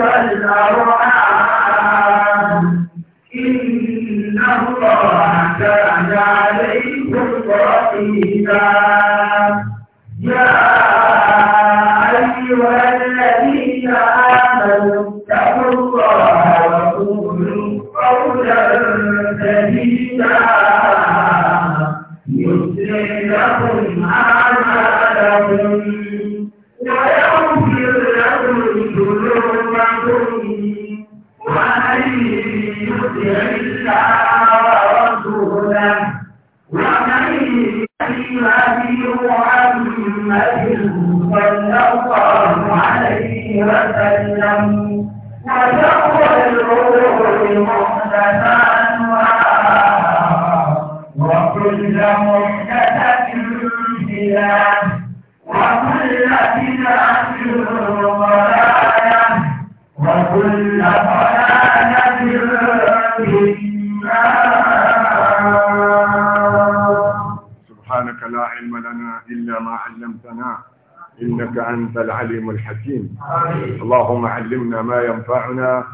والأرحام إن الله كان عليكم رقيبا يا أيها الذين آمنوا اتقوا الله وقولوا قولا سديدا أنت العليم الحكيم اللهم علمنا ما ينفعنا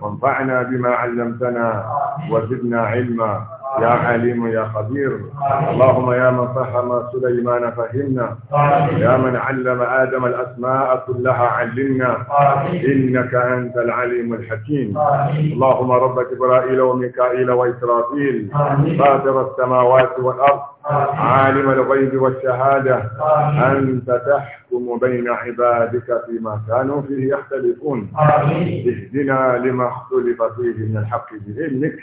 وانفعنا بما علمتنا وزدنا علما يا عليم يا خبير اللهم يا من فهم سليمان فهمنا يا من علم آدم الأسماء كلها علمنا إنك أنت العليم الحكيم اللهم رب جبرائيل وميكائيل وإسرافيل فاطر السماوات والأرض عالم الغيب والشهادة أنت تحت واحكم بين عبادك فيما كانوا فيه يختلفون آمين اهدنا لما اختلف فيه من الحق بإذنك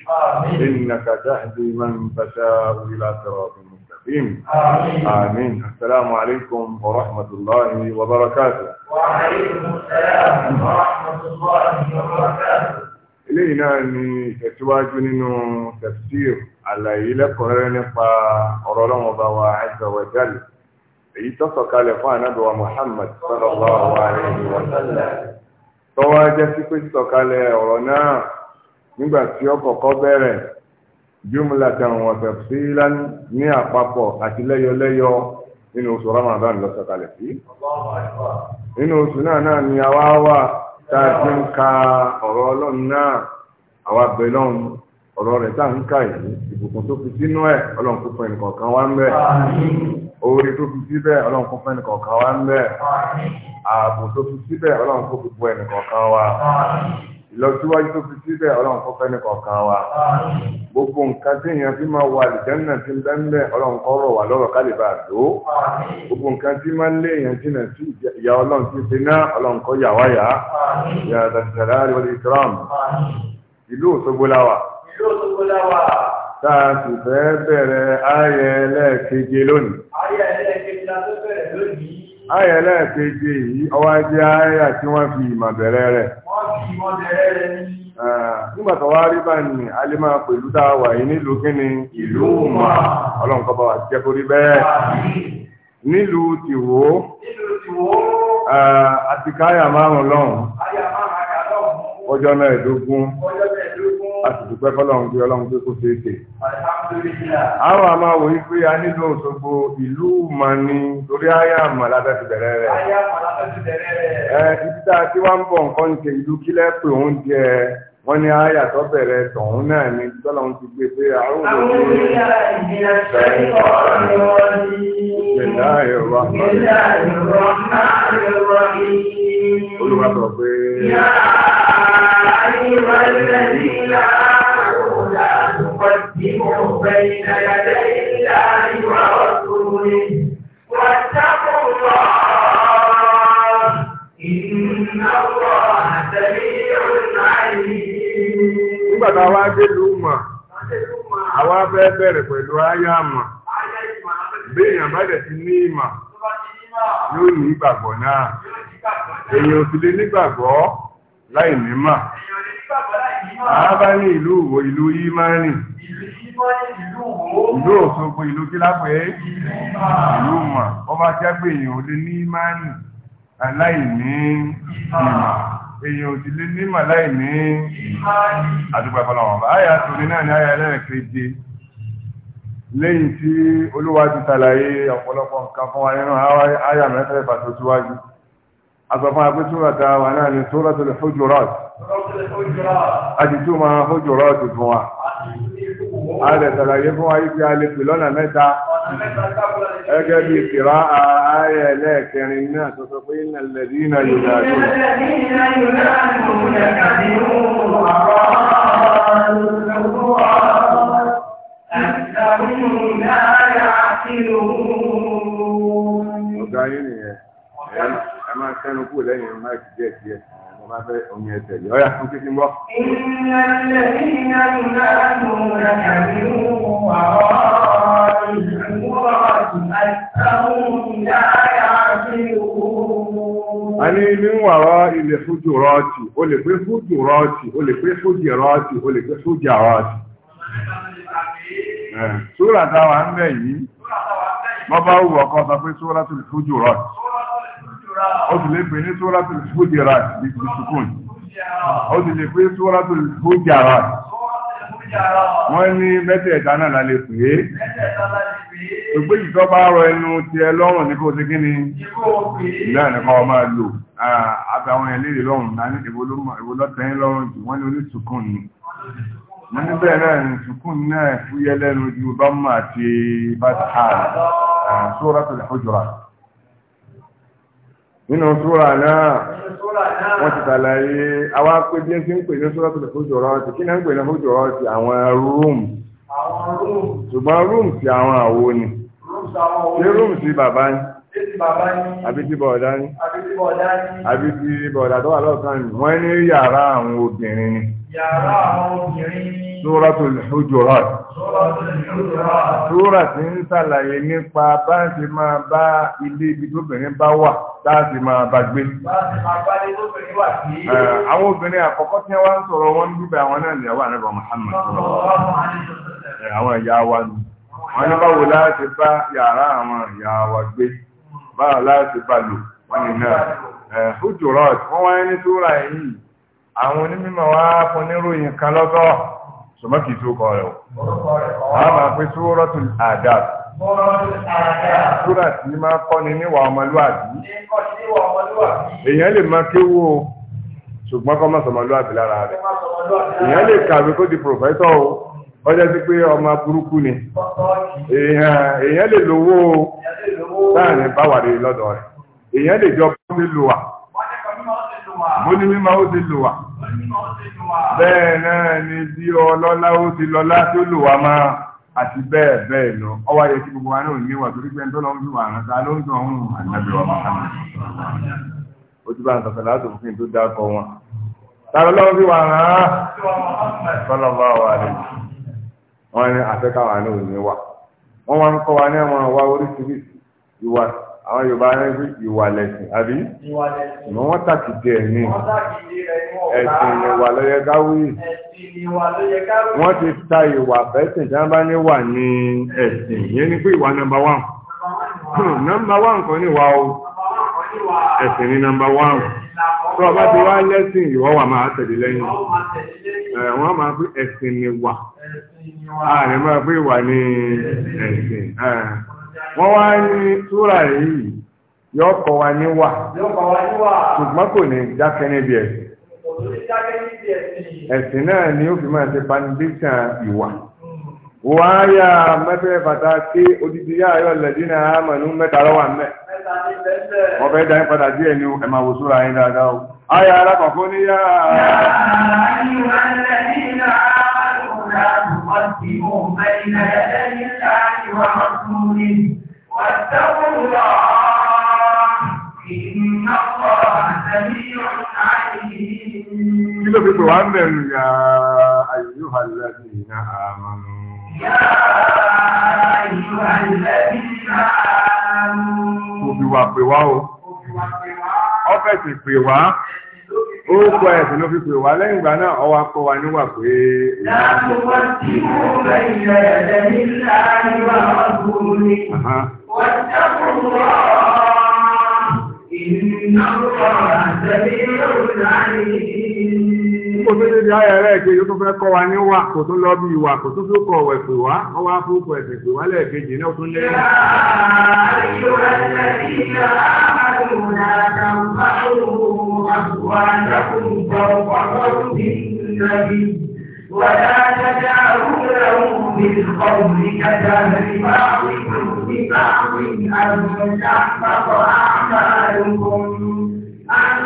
إنك تهدي من تشاء إلى صراط مستقيم آمين. آمين السلام عليكم ورحمة الله وبركاته وعليكم السلام ورحمة الله وبركاته إلينا اني تتواجد ìtẹ̀síwájú تفسير على إلى قرآن فأرى الله ọlọ́wọ́n وجل èyí tó sọ̀kalẹ̀ fún ànábẹ̀wà Muhammad sallallahu alaihi wa sallam tọ́wọ́ jẹ́ sí pé sọ̀kalẹ̀ ọ̀rọ̀ náà nígbà tí ó kọ́kọ́ bẹ̀rẹ̀ jumlatan wa tafsilan ní àpapọ̀ àti lẹ́yọlẹ́yọ nínú oṣù Ramadan ló sọ̀kalẹ̀ sí. nínú oṣù náà oore tó fi síbẹ̀ ọlọ́run kó fún ẹnìkọ̀ọ̀kan wa ń bẹ̀ ààbò tó fi síbẹ̀ ọlọ́run kó fi bu ẹnìkọ̀ọ̀kan wa ìlọsíwájú tó fi síbẹ̀ ọlọ́run kó fún ẹnìkọ̀ọ̀kan wa gbogbo nǹkan tí èèyàn fi máa wà àlìjánná tí ń bẹ́ ń bẹ́ ọlọ́run kó rọ̀ wá lọ́rọ̀ kálí bá tó gbogbo nǹkan tí máa ń lé èèyàn jìnà sí ìyá ọlọ́run tí ti ná ọlọ́run kó yà wá yá yàrá ìlú Òṣogbo la wà. ìlú Òṣogbo la wà táa sì fẹ́ bẹ̀rẹ̀ ayẹ ẹlẹ́ẹ̀keje lónìí. Ayẹ ẹlẹ́ẹ̀keje la tó bẹ̀rẹ̀ lónìí. Ayẹ ẹlẹ́ẹ̀keje yìí ọwá jẹ́ ayẹ tí wọ́n fi ìmọ̀ bẹ̀rẹ̀ rẹ̀. Wọ́n fi ìmọ̀ bẹ̀rẹ̀ rẹ̀ ní. ní a pẹ̀lú tá a wà yìí nílùú kí ni ìlú mà ọlọ́run kọ́ bá wà jẹ́ kó bẹ́ẹ̀. Nílùú Tìwó. Nílùú Tìwó. Àtikáyà márùn-ún lọ́hùn. ún Ọjọ́ náà a sì dúpẹ́ fọlọ́run pé ọlọ́run pé kó ṣe é ṣe. àwọn àmọ́ wò yí pé a nílò Òṣogbo ìlú mani torí ayé àmọ́ lábẹ́ bẹ̀rẹ̀ rẹ̀. ibi tá a ti wá ń bọ̀ nǹkan ń ṣe ìlú kílẹ̀ pé òun jẹ wọ́n ní àyà tó bẹ̀rẹ̀ tọ̀hún náà ni tọ́lọ́run ti gbé pé àrùn òun ní ṣẹ́yìn ọ̀rọ̀ ni wọ́n ní. ìṣẹ̀dá ẹ̀rọ Olúwa sọ pé. Yá àyíwá n'ila tí mo fẹ́ ìlà ìwà ọ̀tún ni. àwa fẹ́ bẹ̀rẹ̀ pẹ̀lú àyà mọ̀. Béèyàn bá dẹ̀ ti ní ìmà, yóò ní ìgbàgbọ́ èyàn ò sì lè nígbàgbọ́ láì nímà àábá ní ìlú òwò ìlú ìmánì ìlú òṣogbo ìlú kílápẹ́ ìlú mà ọba jágbé èyàn ò lè ní ìmánì aláìní ìmà èyàn ò sì lè nímà láìní àdúgbà fọlọ́wọ́n bá àyà tòní náà ní àyà ẹlẹ́ẹ̀keje lẹ́yìn tí olúwa ti ṣàlàyé ọ̀pọ̀lọpọ̀ nǹkan fún wa nínú àyà mẹ́fẹ̀ẹ́fà tó síwájú أضفها بسورة وأنا سورة الحجرات أجي سوما حجرات الفوا هذا سلا يفوا يفوا يفوا لنا متى أجابي قراءة آية لكن يعني الناس تطفين الذين ينادون الذين ينادون كذبون أرادوا الموضوع أنت منا يعقلون a máa kẹ́nu kú lẹ́yìn máa ti díẹ̀ díẹ̀ mo máa fẹ́ omi ẹsẹ̀ yìí ọ̀yà fún kíkí ń a ní ní ilẹ̀ fújù rọ́ọ̀tì o lè pé fújù rọ́ọ̀tì o lè pé fújì rọ́ọ̀tì o lè pé fújì rọ́ọ̀tì. Súrà táwa ń bẹ̀ yìí, wọ́n bá wù ọkọ sọ pé súrà tó lè fújù rọ́ọ̀tì ó sì lè pè ní sóra tó lè fún jẹrà ní sukùn ó sì lè pè ní sóra tó lè fún jàrà wọ́n ní mẹ́tẹ̀ẹ̀ta náà la lè pè é gbogbo ìtọ́ bá rọ ẹnu ti ẹ lọ́rùn ní kò sí kí ni ìlànà nìkan ọmọ lò àtàwọn ẹ̀lẹ́ ìlọ́rùn náà ní ìwọlọ́tẹ̀yìn lọ́rùn jù wọ́n ní onítùkùn ni wọ́n ní bẹ́ẹ̀ náà ní sùkùn náà fúyẹ́ lẹ́nu ju bámú àti bátà suratul hujurat nínú súra náà wọ́n ti ṣàlàyé àwa pé bí ẹ ti ń pè ní súra tó lè fojú ọ̀rọ̀ ti kí náà ń pè ní fojú ọ̀rọ̀ ti àwọn rúùm ṣùgbọ́n rúùm ti àwọn àwo ni ṣé rúùm ti bàbá ni àbí ti bọ̀ọ̀dá ni àbí ti bọ̀ọ̀dá tó wà lọ́sàn-án wọ́n ní yàrá àwọn obìnrin ni yàrá àwọn obìnrin ni Suratul Hujurat Súra tí ń ṣàlàyé nípa bá ń ṣe máa bá ilé ibi tóbìnrin bá wà láti máa bá gbé. Àwọn obìnrin àkọ́kọ́ tí wọ́n ń sọ̀rọ̀ wọn bíbẹ̀ àwọn náà ni àwọn àrẹ́bà Muhammad. Àwọn ìyá wa nù. Wọ́n ní àwọn onímọ̀ wá fún níròyìn kan lọ́tọ̀ ṣùgbọ́n kìí tó kọ rẹ̀ wọ́n máa pé sóòrọ́tù adab súrà tí máa kọ́ni níwà ọmọlúwàbí èèyàn lè máa kéwò ṣùgbọ́n kọ́ máa sọmọlúwàbí lára rẹ̀ èèyàn lè kàwé kó di pòfẹ́sọ̀ o ọjọ́ sí pé ọmọ burúkú ni èèyàn lè lówó láàrin báwàrí lọ́dọ̀ rẹ̀ èèyàn lè jọ bó ti lò wà bó ní mímọ́ ó ti lò wà bẹ́ẹ̀ náà ni bí ọlọ́lá ó ti lọ́lá tó lò wá máa àti bẹ́ẹ̀ bẹ́ẹ̀ lọ ọwá yẹ kí gbogbo wa náà níwà torí pé tó lọ́n fún àrùn ta ló ń tàn ọ̀hún ànábì wa Muhammad ó ti bá ń sọ̀fẹ̀ láti òfin tó dákọ wọn ta ló lọ́n fún àrùn á kọ́lọ́ bá wà lè wọ́n ní àfẹ́káwà náà wọ́n wá ń kọ́ wa ní àwọn ọ̀wá oríṣiríṣi ìwà àwọn Yorùbá ní ìwà lẹ̀sìn àbí ìwà lẹ̀sìn wọ́n tàkìtì ẹ̀ ní ẹ̀sìn ìwà ló yẹ ká wí wọ́n ti ta ìwà fẹ́sìn tí wọ́n bá ní wà ní ẹ̀sìn yẹn ni pé ìwà nọmba wán nọmba wán kan ní ìwà o ẹ̀sìn ní nọmba wán tó o bá ti wá lẹ́sìn ìwọ wà máa tẹ̀lé lẹ́yìn wọ́n máa pé ẹ̀sìn ni wà ààrẹ máa pé ìwà ní ẹ̀sìn wọ́n wá ní súrà yìí yọ́kọ̀ wa níwà ṣùgbọ́n kò ní dákẹ́ níbi ẹ̀sìn ẹ̀sìn náà ni ó fi máa ṣe foundation ìwà wáyà mẹ́fẹ́ bàtà ké odidi yá ayọ́ lẹ́dí náà àmàlú mẹ́ta lọ́wọ́ mẹ́ ọbẹ̀ dání padà díẹ̀ ni ẹ̀ máa wò sóra yín dáadáa o ayà alákọ̀ọ́kọ́ ní yá. واتقوا ló fi pè wá ń bẹ̀rù ya ayyuhal ladina amanu. Mo fi wà pè wá o. Ọ́fẹ̀sì pè wá. Ó kọ ẹ̀sìn ló fi pè wá lẹ́yìn ìgbà náà ọwọ́ akọ wa níwà pé. Láàbù wọ́n ti mú ilẹ̀ ẹ̀dẹ̀ nílá ìwà ọ̀gbùn ni. Wọ́n dákùn wọ́n. إن الله سميع عليم ó tó débi ayẹ rẹ̀ kejì ó tó fẹ́ kọ́ wa ní wà kò tó lọ bí ìwà kò tó tó kọ̀ ọ̀wẹ̀ pè wá ọ wá fún kọ̀ ẹ̀sẹ̀ pè wá lẹ́ẹ̀kejì náà tún lẹ́yìn. ولا تجعلوا له بالقول كجهل بعضكم ببعض أن تحبط أعمالكم أن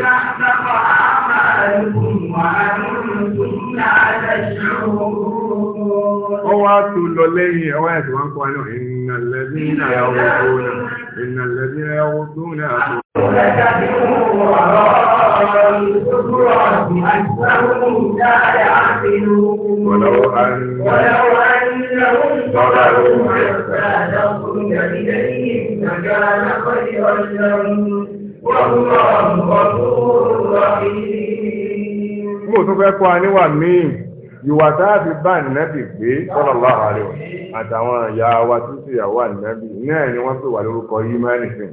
تحبط أعمالكم Ó wá tó lọ lẹ́yìn ẹwà ẹ̀sùn wọn kọ́ ní ìnàlẹ́bínà ẹwọ́ tó náà tó. Wọ́lọ́wọ́ àrínlẹ́wọ́n tọ́lá ló ń bẹ̀rẹ̀. Wọ́n mo tún fẹ́ kọ́ aníwà míì ìwà táàfi bá nẹ́bì gbé sallallahu alaihi àtàwọn ìyá wa tún sí ìyàwó ànẹ́bì náà ni wọ́n pè wà lórúkọ yìí mẹ́rin sí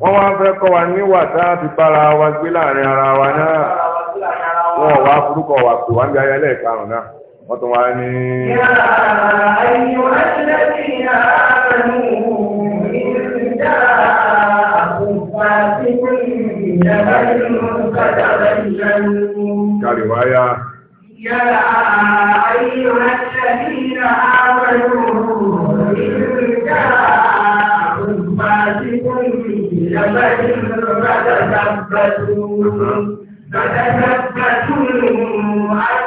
wọ́n wá fẹ́ kọ́ wa níwà táàfi bára wa gbé láàrin ara wa náà wọ́n wá forúkọ wà pè wá ń bí ayẹlẹ́ ìkarùn náà wọ́n tún wá ní. Yàrá ayé wọ́n كرواية يا أيها الذين آمنوا إن جاءكم فاسق بنبأ فتثبتوا فتثبتوا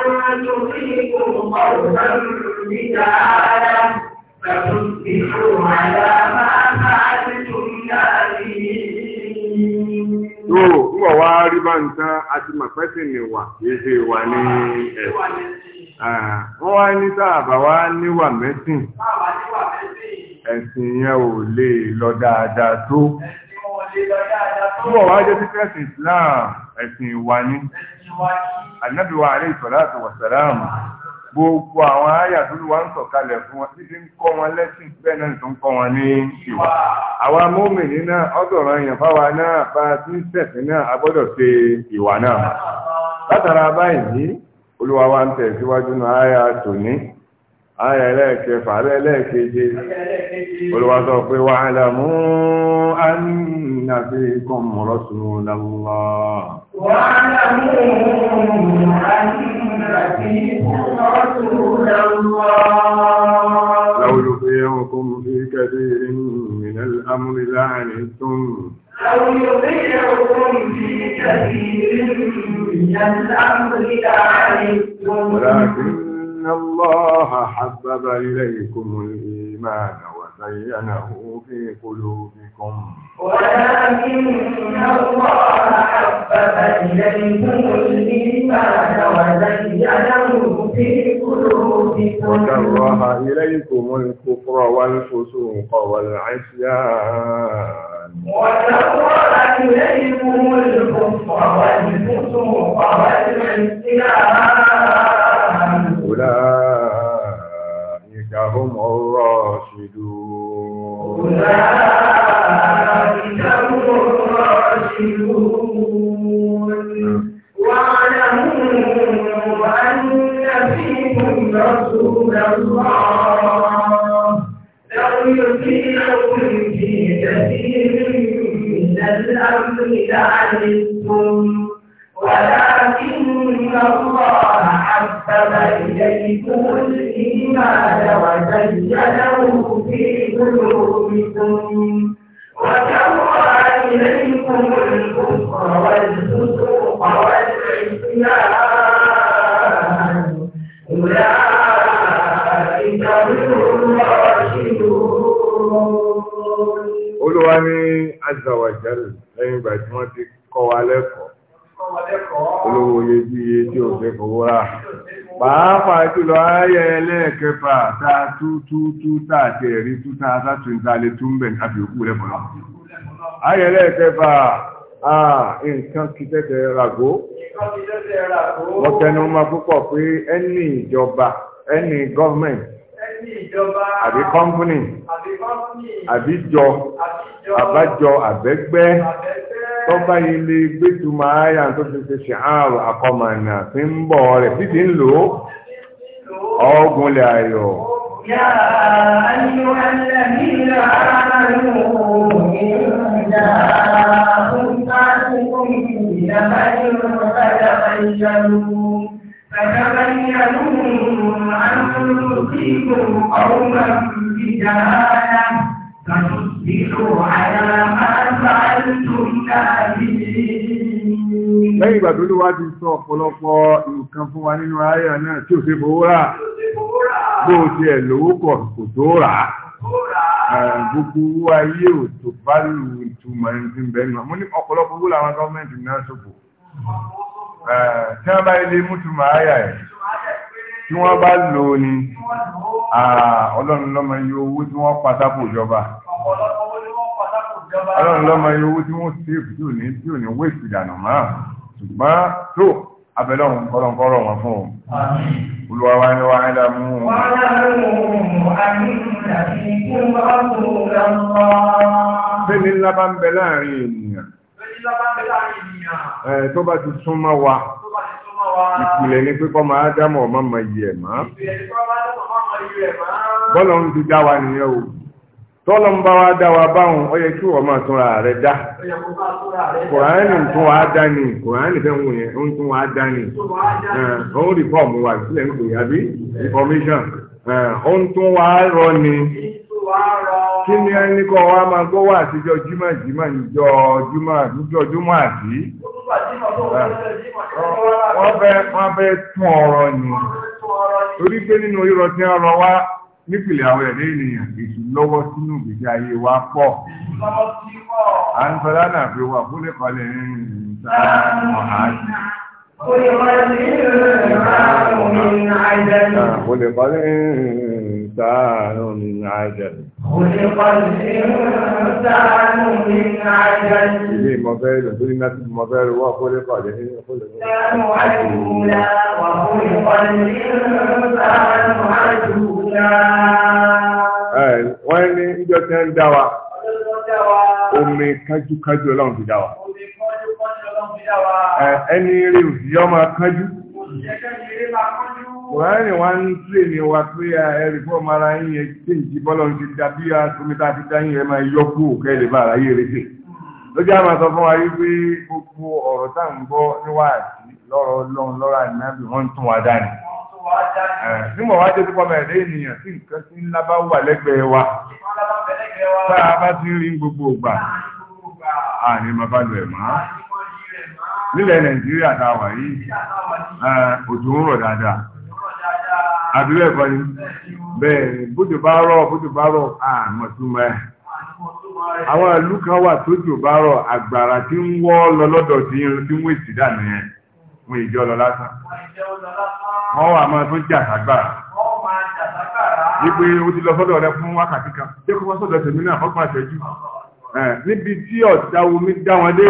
أن تصيبوا قوما بجهالة فتصبحوا على ما فعلتم نادمين tó ńgbọ̀ wá rí bá nǹkan àti màpẹ́sì ni wà èdè wà ní ẹ̀ wọ́n wá ní sáàbà wá níwà mẹ́sìn ẹ̀sìn yẹn ò lè lọ dáadáa tó ńgbọ̀ wá jẹ́ títí ẹ̀sìn Islam ẹ̀sìn ìwà ni ànábì wa alayhi salatu wa salam gbogbo àwọn àyà tó wà ń sọ̀kalẹ̀ fún wọn títí ń kọ́ wọn lẹ́sìn bẹ́ẹ̀ náà tó ń kọ́ wọn ní ìwà. àwa mọ́mìnì náà ọ̀dọ̀rọ̀ èèyàn fáwa náà bá a ti ń sẹ̀sìn náà a gbọ́dọ̀ ṣe ìwà náà. látara báyìí olúwa wa ń tẹ̀síwájú náà àyà tòní آية لك على لك قل وذوق واعلموا أن فيكم رسول الله واعلموا أن فيكم رسول الله لو يطيعكم في كثير من الأمر لعنتم لو يطيعكم في كثير من الأمر لعنتم ولكن إن الله حبب إليكم الإيمان وزينه في قلوبكم ولكن الله حبب إليكم الإيمان وزينه في قلوبكم وكره إليكم الكفر والفسوق والعصيان وكره إليكم الكفر والفسوق والعصيان أولئك هم الراشدون أولئك هم الراشدون واعلموا أن فيكم رسول الله لو يطيعكم في كثير من الأمر لعنتم ولكن الله حبب إليكم الإيمان وزينه في قلوبكم وكره إليكم الكفر والفسوق والعصيان أولئك هم الراشدون. Olúwa ní Azza wa Jal lẹ́yìn ìgbà tí wọ́n ti kọ́ wa lẹ́kọ̀ọ́ olówó oyè bí iye tí ò fẹ́ fowó rà pàápàá jùlọ ayẹ ẹlẹ́ẹ̀kẹfà tá a tú tú tú tá a ti ẹ̀rí tú tá a sátú ní tààlé tú ń bẹ̀ ní àbí òkú rẹ̀ bọ̀lá ayẹ ẹlẹ́ẹ̀kẹfà nǹkan kìtẹ́tẹ̀ ràgó wọ́n tẹnu mọ́ púpọ̀ pé ẹni ìjọba ẹni gọ́ọ̀mẹ̀ntì àbí kọ́mpúnì àbí jọ àbájọ àbẹ́gbẹ́ tó bá ilé gbẹ́tù máa yà tó fi ṣe ṣe àrùn àkọmọ̀nà tí ń bọ̀ rẹ̀ tí ti ń lò ó ọgùnlẹ̀ ayọ̀. Yà á ní wọ́n àwọn ìpàdé ìyàmáyé wọn bá yàrá ìyàlú. Lẹ́yìn ìgbà tó ló wá ti sọ ọ̀pọ̀lọpọ̀ nǹkan fún wa nínú ayé náà tí ò sí fowó rà. Bó o ti ẹ̀ lówó kọ̀ kò tó rà á. Gbogbo owó ayé ò tó bá lù ìtumọ̀ ẹni tí ń bẹ nù. Mo ní ọ̀pọ̀lọpọ̀ owó làwọn gọ́ọ̀mẹ̀ntì náà ṣòfò. Tí wọ́n bá ilé mú túmọ̀ ayà ẹ̀ tí wọ́n bá lò ní ọlọ́run lọ́mọ iye owó tí wọ́n pátákò ìjọba ọlọ́run lọ́mọ iye owó tí wọ́n sèfù tí ò ní tí ò ní wéèsì ìdànà máa ṣùgbọ́n tó abẹ́lọ́run kọ́lọ́nkọ́rọ̀ wọn fún un olúwa wa ni wàá dá mú un. bẹ́ẹ̀ni ńlá bá ń bẹ láàrin ènìyàn tó bá ti súnmọ́ wa ìpìlẹ̀ ni pé kọ́ máa dámọ̀ ọmọ mọ iye ẹ̀ máa bọ́lọ̀ ń ti dá wa nìyẹn o tọ́lọ́ ń bá wa dá wa báwọn ó yẹ kí wọ́n máa túnra rẹ̀ dá kòránì tún wàá dá ni kòránì fẹ́ wù yẹn ó ń tún wàá dá ni òun rìpọ́ọ̀mù wa sílẹ̀ ń pè àbí information ó ń tún wàá rọ ni kí ni ẹni kọ́ wa máa gbọ́ wà síjọ́ jimá jimá níjọ́ jimá níjọ́ jimá àbí. Wọ́n fẹ́ wọ́n fẹ́ tún ọ̀rọ̀ ni. Torí pé nínú irọ́ tí ń rọ wá nípìnlẹ̀ àwọn ẹ̀rẹ́ ènìyàn èsù lọ́wọ́ sínú ìgbésí ayé wa pọ̀. À ń sọ lánàá pé wà fún lẹ́kọ̀ọ́lẹ̀ ń ta ọ̀hájì. Kò lè ta ọ̀nà خلق الإنسان من عجل إليه مبالغ دون الناس المبالغ وخلق الإنسان عجولا وخلق الإنسان عجولا wọ́n ní ìjọ tí ń dá wa omi kájúkájú ọlọ́run fi dá wa ẹni rí òsì yọ́ máa kájú Kùránì wá ń ní wa pé ẹ̀rì fún ọmọ ara yín yẹn tí ìjì bọ́lọ̀ ti da bí ti dá yín ẹ máa àmà sọ fún pé gbogbo ọ̀rọ̀ tá à lọ́rọ̀ wọ́n tún wá dání. Nígbà wá sípọ̀ ènìyàn nǹkan ńlá bá wa. Tá a bá ti gbogbo àní máa bá lu ẹ̀ máa nílẹ̀ nàìjíríà yìí àdúrà ẹ̀kọ́ ni bẹ́ẹ̀ bójò bá rọ̀ bójò bá rọ̀ àmọ̀túnmọ̀ ẹ̀ àwọn ìlú kan wà tójò bá rọ̀ àgbàrá tí ń wọ́ lọ lọ́dọ̀ tí ń wé sí dànù yẹn wọn ìjọ lọ lásán wọ́n wà máa tún jà sàgbàrá wípé ó ti lọ sọ́dọ̀ rẹ fún wákàtí kan tí kò wá sọ́dọ̀ tèmi náà fọ́pọ̀ àṣẹjú níbi tí ọ̀dà omi dá wọn dé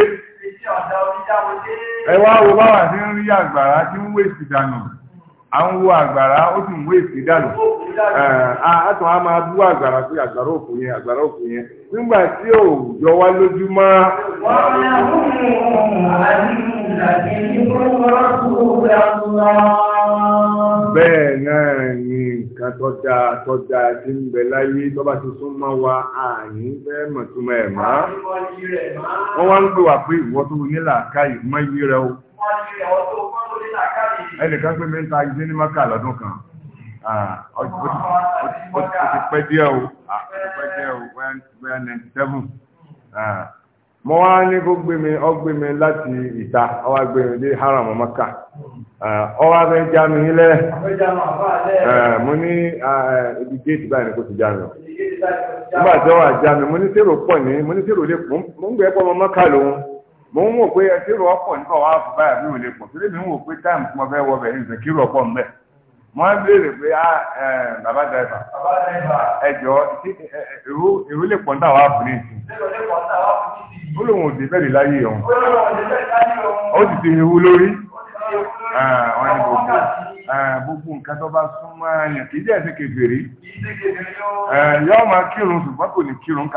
ẹ wá wo báwa ti ń rí àgbàrá tí ń wé sí dànù a ń wo àgbàrá ó sì ń wo èsì dànù a máa bú àgbàrá sí àgbàrá òkú yẹn àgbàrá òkú yẹn nígbà tí ò jọ wá lójú mọ́. bẹ́ẹ̀ náà ni nǹkan tó dáa ti ń bẹ láyé wa àní ẹ̀ mọ́. wọ́n wá ń gbé wà pé ìwọ tó nílà ká yí rẹ o. ẹnìkan pé mi ń ta ìdí maka lọ́dún kan ó ti pẹ́ díẹ̀ o pẹ́ díẹ̀ o ninety seven mo haram maka ọ wá fẹ́ já mi nílẹ̀ mo ní ibi géètì báyìí ni kò ti já mi nígbà tí wọ́n wá já mi mo ní mo ń wò pé ẹtírò ọ̀pọ̀ nípa wàá fún báyà mi ò lè pọ̀ mi ń wò pé táìmù tí mo wọ mo ń béèrè pé á ah, eh, bàbá dàìbà ẹjọ́ èrú lè pọ̀ níta wàá fún ní ìsìn ó lóun ò láyé ọ̀hún ó ti lórí ah, gbogbo ah, gbogbo nǹkan tó bá súnmọ́ kì í ẹ̀sìn eh, máa kírun ṣùgbọ́n kò ní kírun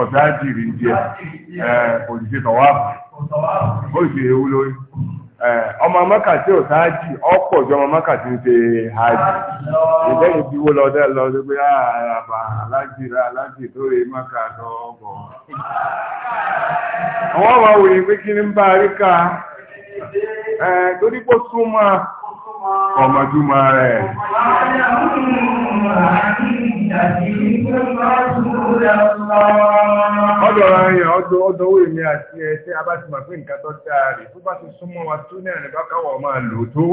ọ̀dá jìrì ń jẹ òṣìṣẹ́ tọ̀wáàbù ó sì ewu lórí ọmọ mọ́kà tí ò sáájì ọ̀pọ̀ jọ ọmọ mọ́kà tí ń ṣe hajj ìgbẹ́ni tí wó lọ́dẹ́ lọ sí pé àràbà ah, alájì tó rè mọ́kà lọ́ọ̀bọ̀ àwọn ọmọ wòye pé kí ní ń bá rí Ọdọ̀ ara yẹn ọdọ̀ ọdọ̀ owó èmi àti ẹ̀ṣẹ́ abájúmọ̀ pé nǹkan tó dáa rẹ̀ tó bá ti súnmọ́ wa tó ní ẹ̀rẹ̀ bákàwọ̀ máa lò tó.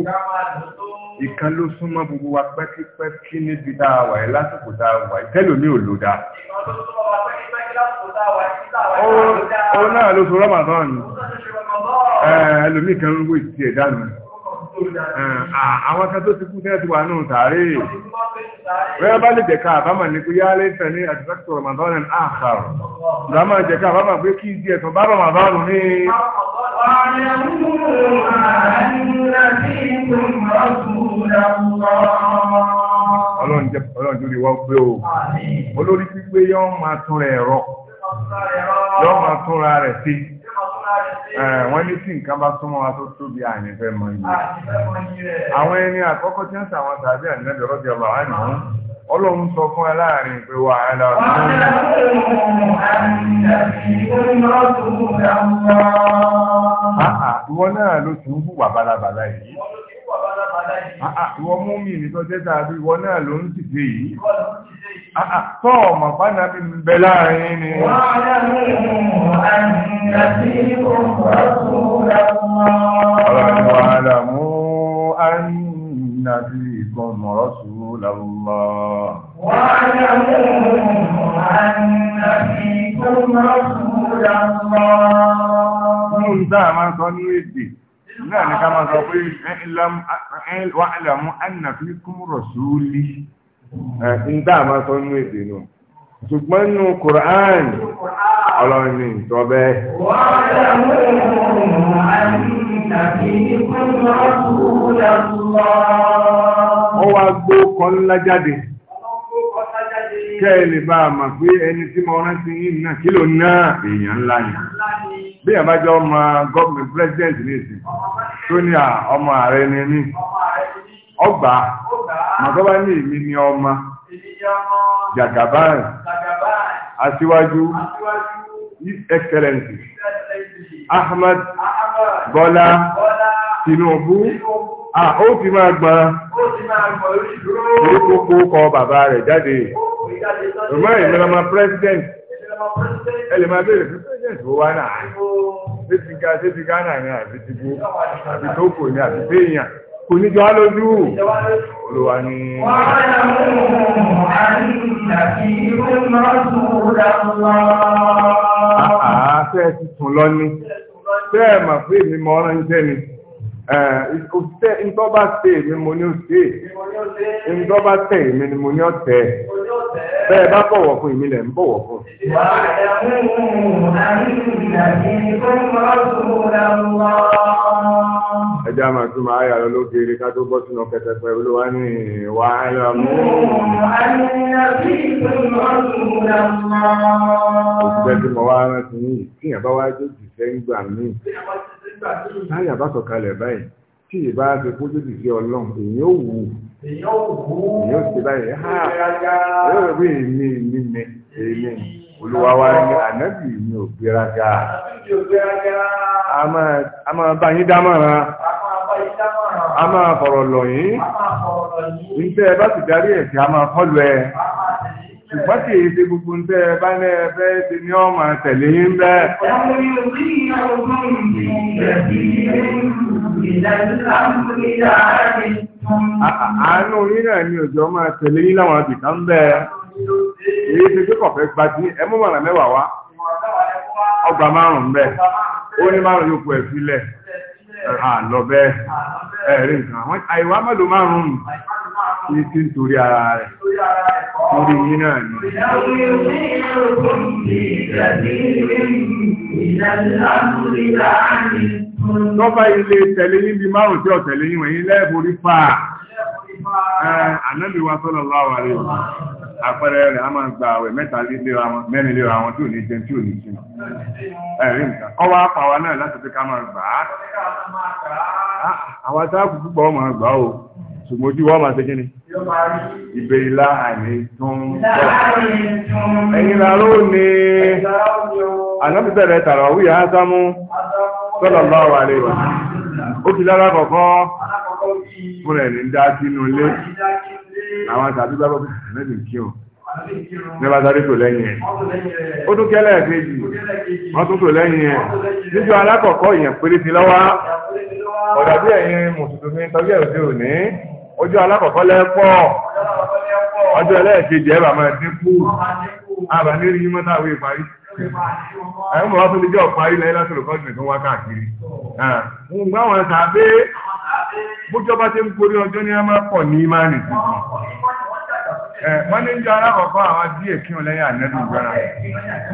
Ìkan ló súnmọ́ gbogbo wa pẹ́kípẹ́kí níbi dáa wà ẹ̀ lásìkò dáa wà ẹ̀ tẹ́lòmí ò lò dáa. Ó náà ló so Ramadan. Ẹlòmí kan ń wé ti ẹ̀dá nù. Ah, àwọn kan tó ti kú tẹ́ẹ̀ ti wà nù tààrí rẹ̀ bá lè jẹ̀ka àbámà ní kú yá lè tẹ̀ ní àdìsẹ́kítọ̀ ramadan and ahar dámà jẹ̀ka àbámà pé kí ìdí ẹ̀tàn bá ramadan ní ọlọ́run jù lè wọ́n pé o olórí pípé yọ́ máa tún rẹ̀ rọ yọ́ máa tún ra rẹ̀ sí Eh, wọ́n ní tí nǹkan bá súnmọ́ wa tó tóbi àyìnfẹ́ mọ iye àwọn ẹni àkọ́kọ́ tí ń sàwọn tàbí ànínábì ọlọ́bì ọba wa nìyí ọlọ́run sọ fún ẹ láàrin pé wà á lọ sí ah, ah, ìwọ náà ló ti ń hùwà bálabàlá yìí Ah, ah, ìwọ mú mi ní tọ́jẹ́ tàbí ìwọ náà ló ń tìde yìí. Tọ́ ọmọ pánà bí ń bẹ láàrin ni. Wàhálàmú ànàbí ìkọmọ̀ rọ́sùlọ́lọ́. Wàhálàmú ànàbí ìkọmọ̀ rọ́sùlọ́lọ́. Mú ń dáa máa sọ ní èdè náà ní ká máa sọ pé wà álàmú ànà fi kún rọ̀súlì nígbà máa sọ nínú èdè náà ṣùgbọ́n nínú Qur'an ọlọ́run ní ìtọ́ bẹ́ẹ̀. wà álàmú ànà fi kún rọ̀súlì wá gbó kọ́ ńlá jáde kẹ́ bá a mọ̀ pé ẹni tí mo rántí yìí náà kí ló náà èèyàn ńlá yìí bí ẹ̀ máa ọmọ gọ́ọ̀mù pírẹ́sidẹ̀ntì ní ìsìn tó ní ọmọ ààrẹ ni mí ọgbà màtọ́bá ní èmi ni ọmọ jagaban aṣíwájú his excellency ahmed bọ́lá tinubu ó fi máa gbọ́n orí kókó kọ bàbá rẹ̀ jáde ìmọ̀ ìmọ̀lọ́mọ pírẹ́sidẹ̀ntì. ẹ lè máa fún president wo wá náà ṣé ti ga ṣé ti Ghana ni àbí ti bú àbí Tókò ni àbí téèyàn kò ní jọ á lójú olùwà ni. àá fẹ́ẹ́ ti lọ ní fẹ́ẹ̀ mà pé èmi mọ ń jẹ́ ni. òṣìṣẹ́ ntọ́ba ṣe èmi mo ní òṣè ntọ́ba tẹ̀ èmi ni mo ní ọ̀tẹ̀ bẹ́ẹ̀ bá bọ̀wọ̀ fún èmi lẹ̀ ń bọ̀wọ̀ fún. ẹja máa tún máa yà lókèrè ká tó bọ́ sínú kẹtẹ pẹ́ olúwa ní ìwà ẹ̀rọ mú. òṣìṣẹ́ tí mo wá rántí yìí tíyẹn bá wá jó jù sẹ́yìn gbà míì táyà bá sọ̀kalẹ̀ báyìí tí ìbá ti kójú ti fi ọlọ́run èyí ó wù ú èyí ó ti báyìí ha yóò rẹ̀ bí èmi mi ni èmi olúwa wa ni ànábì mi ò gbéraga a máa bá yín dámọ̀ràn a máa fọ̀rọ̀ lọ̀ yín nígbà ẹ bá sì darí ẹ̀ sí a máa fọ́lù ẹ ṣùgbọ́n kì í ṣe gbogbo ń ẹ bá ní ẹ fẹ́ ṣe ní ọmọ tẹ̀lé yín bẹ́ẹ̀. Àánú orí náà ni òjò máa tẹ̀lé ní láwọn àbìkà ń bẹ́ èyí ti tó kọ̀fẹ́ gbajú mẹ́wàá wá. Ọgbà márùn-ún bẹ́ẹ̀. Ó ní márùn-ún yóò kú ẹ̀ sílẹ̀. Àlọ́ bẹ́ẹ̀. Ẹ̀rí nǹkan. isi tí ara rẹ̀ torí yí náà ni tọ́bá ilé tẹ̀lé yín bí márùn tí ọ̀tẹ̀lé yín wọ̀nyí lẹ́ẹ̀borí fàá ànábì wa sallallahu alaihi wasallam àpẹẹrẹ rẹ̀ a máa gba àwẹ̀ mẹ́ta mẹ́rin wọn tí ò ní jẹun tí ò ní jẹun fi ká máa gbà á àwọn púpọ̀ máa gbà o. ṣùgbọ́n ojú wọ́n máa ṣe kíni ìbèrè láàánì tún ẹ̀yìn láró ni ànábì bẹ̀rẹ̀ tàràwí àásámú sallallahu alaihi wa sallam ó fi lára kọ̀ọ̀kan fún ẹ̀rí ń dá sínú ilé àwọn tàbí bá bọ́bí mẹ́bí kí o nígbà sáré tò lẹ́yìn ẹ̀ ó tún kẹ́lẹ̀ kejì wọ́n tún tò lẹ́yìn ẹ̀ níjọ alákọ̀ọ́kọ́ ìyẹn péréte lọ́wọ́ ọ̀dàbí ẹ̀yin mùsùlùmí tọ́jú ẹ̀ òde òní ọjọ́ alákọ̀ọ́kọ́ lẹ́pọ̀ ọjọ́ ẹlẹ́ẹ̀kejì ẹ̀bà máa dínkù àbà ní rí mọ́ta àwọn ìparí ẹ̀yìn mọ̀ wá tó lè jẹ́ ọ̀parí lẹ́yìn láti lòkọ́ ìgbẹ̀ tó wá káàkiri mú gbá wọn tàbí bójọba tí ń gorí ọjọ́ ní a máa pọ̀ ní ìmáàlì tuntun wọ́n ní jẹ́ alákọ̀ọ́kọ́ àwọn díẹ̀ kí wọn lẹ́yìn ànẹ́dùn gbára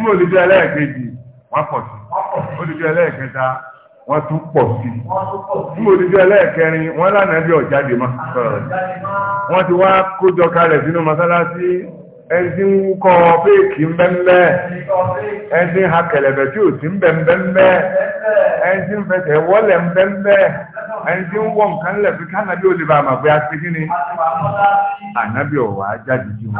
mú olùjẹ́ ẹlẹ́ẹ̀kejì wọ́n pọ̀ sí olùjẹ́ ẹlẹ́ẹ̀kẹta wọ́n tún pọ̀ sí i fún odidi ẹlẹ́ẹ̀kẹrin wọ́n lànà bí ọ̀jáde mọ́ wọ́n ti wá kójọ kalẹ̀ sínú mọ́sálásí ẹni tí ń wúkọ́ fèèkì ńbẹ́ńbẹ́ ẹni tí ń ha kẹ̀lẹ̀bẹ̀ tí ò sí ńbẹ́ńbẹ́ ẹni tí ń fẹsẹ̀ wọ́lẹ̀ ńbẹ́ńbẹ́ ẹni tí ń wọ nǹkan lẹ̀ fi kánà bí olè bá a mà pé a ti kí ni ànábì ọ̀wà jáde jí wọn.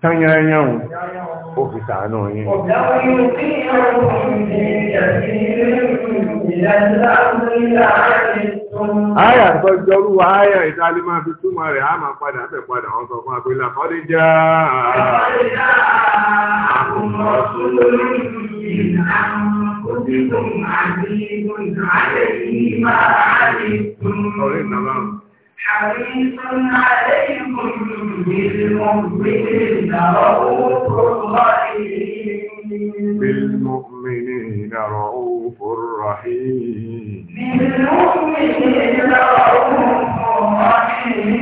tányányáhùn ó fi sàánú yín Àyà tó jọrú àyà ìtàlí fi túmọ̀ rẹ̀ á máa padà bẹ̀ padà ọ̀sọ̀ fún àpílà kọ́dé já àwọn ọ̀sùn lórí حريص عليكم بالمؤمنين رؤوف رحيم بالمؤمنين رؤوف رحيم بالمؤمنين رؤوف رحيم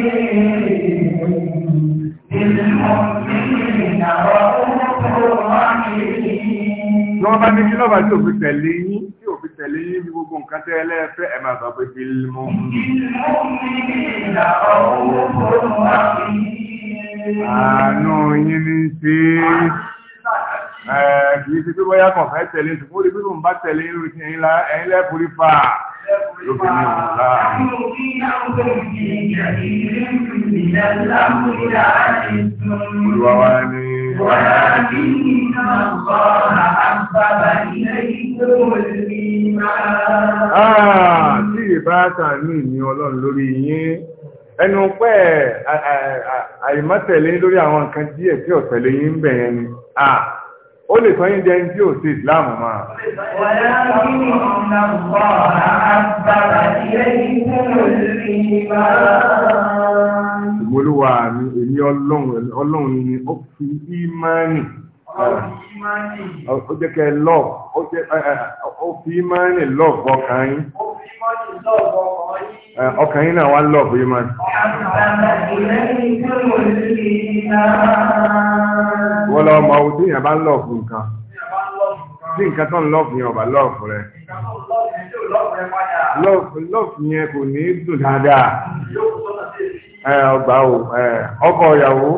بالمؤمنين رؤوف رحيم tí wọ́n bá ní kí lọ́ba tí òfin tẹ̀lé yín tí òfin tẹ̀lé yín bí gbogbo nǹkan tẹ́ ẹlẹ́fẹ́ ẹ̀ máa sọ pé kí lè mú. àánú yín ní ṣe é kì í ṣe pé bóyá kàn fẹ́ tẹ̀lé ṣùgbọ́n ó lè bí lóun bá tẹ̀lé irú ti ẹ̀yin lẹ́ẹ̀kúrí fà á lóbìnrin òun láàrin. Olúwa wa ní. Ah, tí ìbáta ní ìní ọlọ́run lórí yín, ẹnu pẹ́ àìmọ́tẹ̀lé lórí àwọn nǹkan díẹ̀ tí ọ̀tẹ̀lé yín bẹ̀yẹn ni. Ah, ó lè sọ yín jẹ́ tí ò sí ìsìláàmù máa. ìmọ̀lúwa mi èmi ọlọ́run ni ó fi ímánì ó jẹ́ kẹ́ lọ ó fi ìmánì lọ ọkàn yín ọkàn yín náà wá lọ fún ìmánì. wọ́n lọ ọmọ ohun tí èèyàn bá ń lọ fún nǹkan tí nǹkan tó ń lọ fún yẹn ọba lọ fún rẹ. lọ fún yẹn kò ní dùn dáadáa ọgbà o ọkọ ìyàwó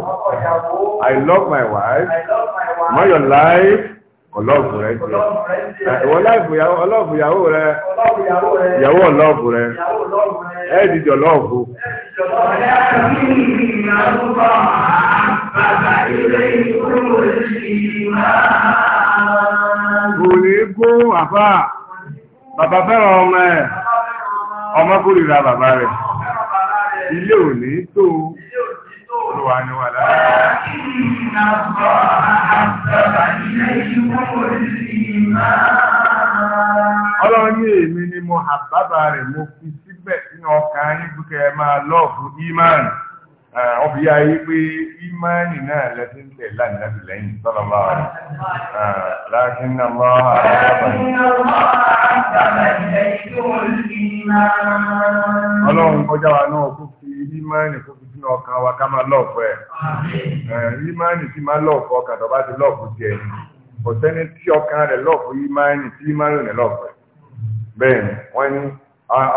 I love my wife. I love not your life ọlọ́ọ̀bù rẹ jẹ ọlọ́ọ̀bù ìyàwó rẹ ìyàwó ọlọ́ọ̀bù rẹ ẹ̀ẹ́dìdì ọlọ́ọ̀bù. Gòrí gún àfá, bàbá fẹ́ràn ọmọ ẹ̀, ọmọ kórìíra bàbá rẹ̀, ilé ò ní tó olúwa ni wà láàá. Ọlọ́run ní èmi ni mo àbábà rẹ̀ mo fi síbẹ̀ sínú ọkàn yín pípẹ́ máa lọ́ọ̀fù Iman. Ọbí ya yí pé Imani náà lẹ́sí ń Ọlọ́run kọjá wa náà kó fi Imani kó fi sínú ọkàn wa ká máa lọ́ọ̀fọ́ ẹ̀ ìmáànì tí máa lọ́ọ̀fọ́ ọkàn tó bá ti lọ́ọ̀fọ́ ti ẹ̀ kò sẹ́ni tí ọkàn rẹ̀ lọ́ọ̀fọ́ ìmáànì tí ìmáànì rẹ̀ lọ́ọ̀fọ́ ẹ̀ bẹ́ẹ̀ ni wọ́n ní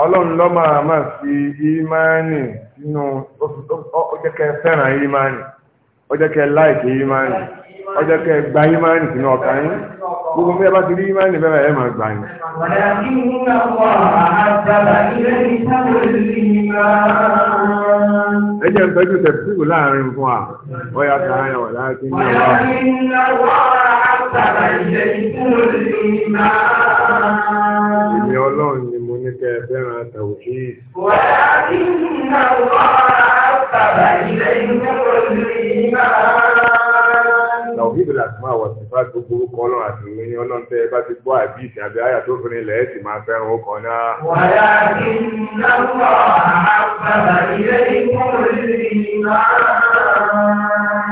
ọlọ́run lọ́ máa máa fi ìmáànì sínú ó jẹ́ fẹ́ràn ìmáànì ó jẹ́ kẹ́ láìkì gba ìmáànì sínú ọkàn yín gbogbo bí ti rí ìmọ̀ níbẹ̀ ẹ máa gbà yín. ẹ jẹ́ ìtọ́jú tẹ̀síwò láàrin fún wa wọ́n yà sàn áyàn wọ̀lá kí ní ọ̀rọ̀. Ìmì ọlọ́run ni mo ní kẹ́ fẹ́ràn àtàwò sí. Wọ́n yà kí ní ọ̀rọ̀ àtàwà ilẹ̀ ìmúlò ní ìmáà tọ̀hídù làtúmọ̀ àwọn sífà tó burúkọ ọlọ́run àti ìwé ní ọlọ́run tẹ́ bá ti gbọ́ àbí ìsìn àbí àyà tó fún ilẹ̀ ẹ̀ sì máa fẹ́ràn ó kàn náà. wàyà kí n lọ́wọ́ àbàbà ilé ìkúrò sí ìlú náà.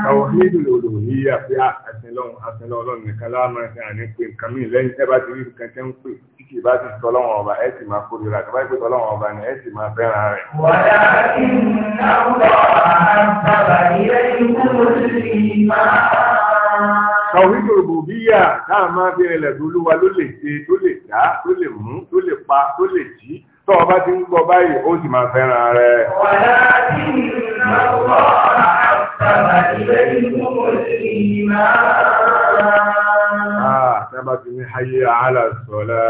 tọ̀hídù lòlò uluhiyya pé àtìlọ́hún àtìlọ́hún nìkan láàmú ẹ̀sìn àní pé nǹkan mí lẹ́yìn tẹ́ bá ti rí nǹkan tẹ́ ń pè tí bá ti tọ́lọ́wọ́n ọba ẹ̀ sì máa kórìíra tó bá ti tọ́lọ́wọ́n ọba ni ẹ̀ sì máa fẹ́ràn rẹ̀. wàdà ìnáwó àtàbà ilé ìkúrò sí máa. Tàwídò rùbùbíyà táà máa bí ẹlẹ́dùn olúwa ló lè ṣe tó lè dá tó lè mú tó lè pa tó lè jí tó ọba ti ń gbọ́ báyìí ó sì máa fẹ́ràn rẹ̀. Tábà ti ní ayé àálà sọ́lá.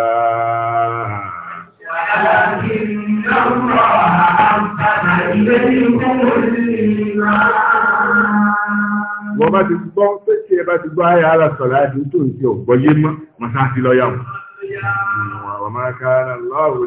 Wọ́n bá ti gbọ́ pé kí ẹ bá ti gbọ́ ayé àálà sọ́lá ẹ̀dùn tó ń tí ò gbọ́ yé mọ́, mọ́ sáà sí lọ́yà mọ́. Wà máa kára lọ́wọ́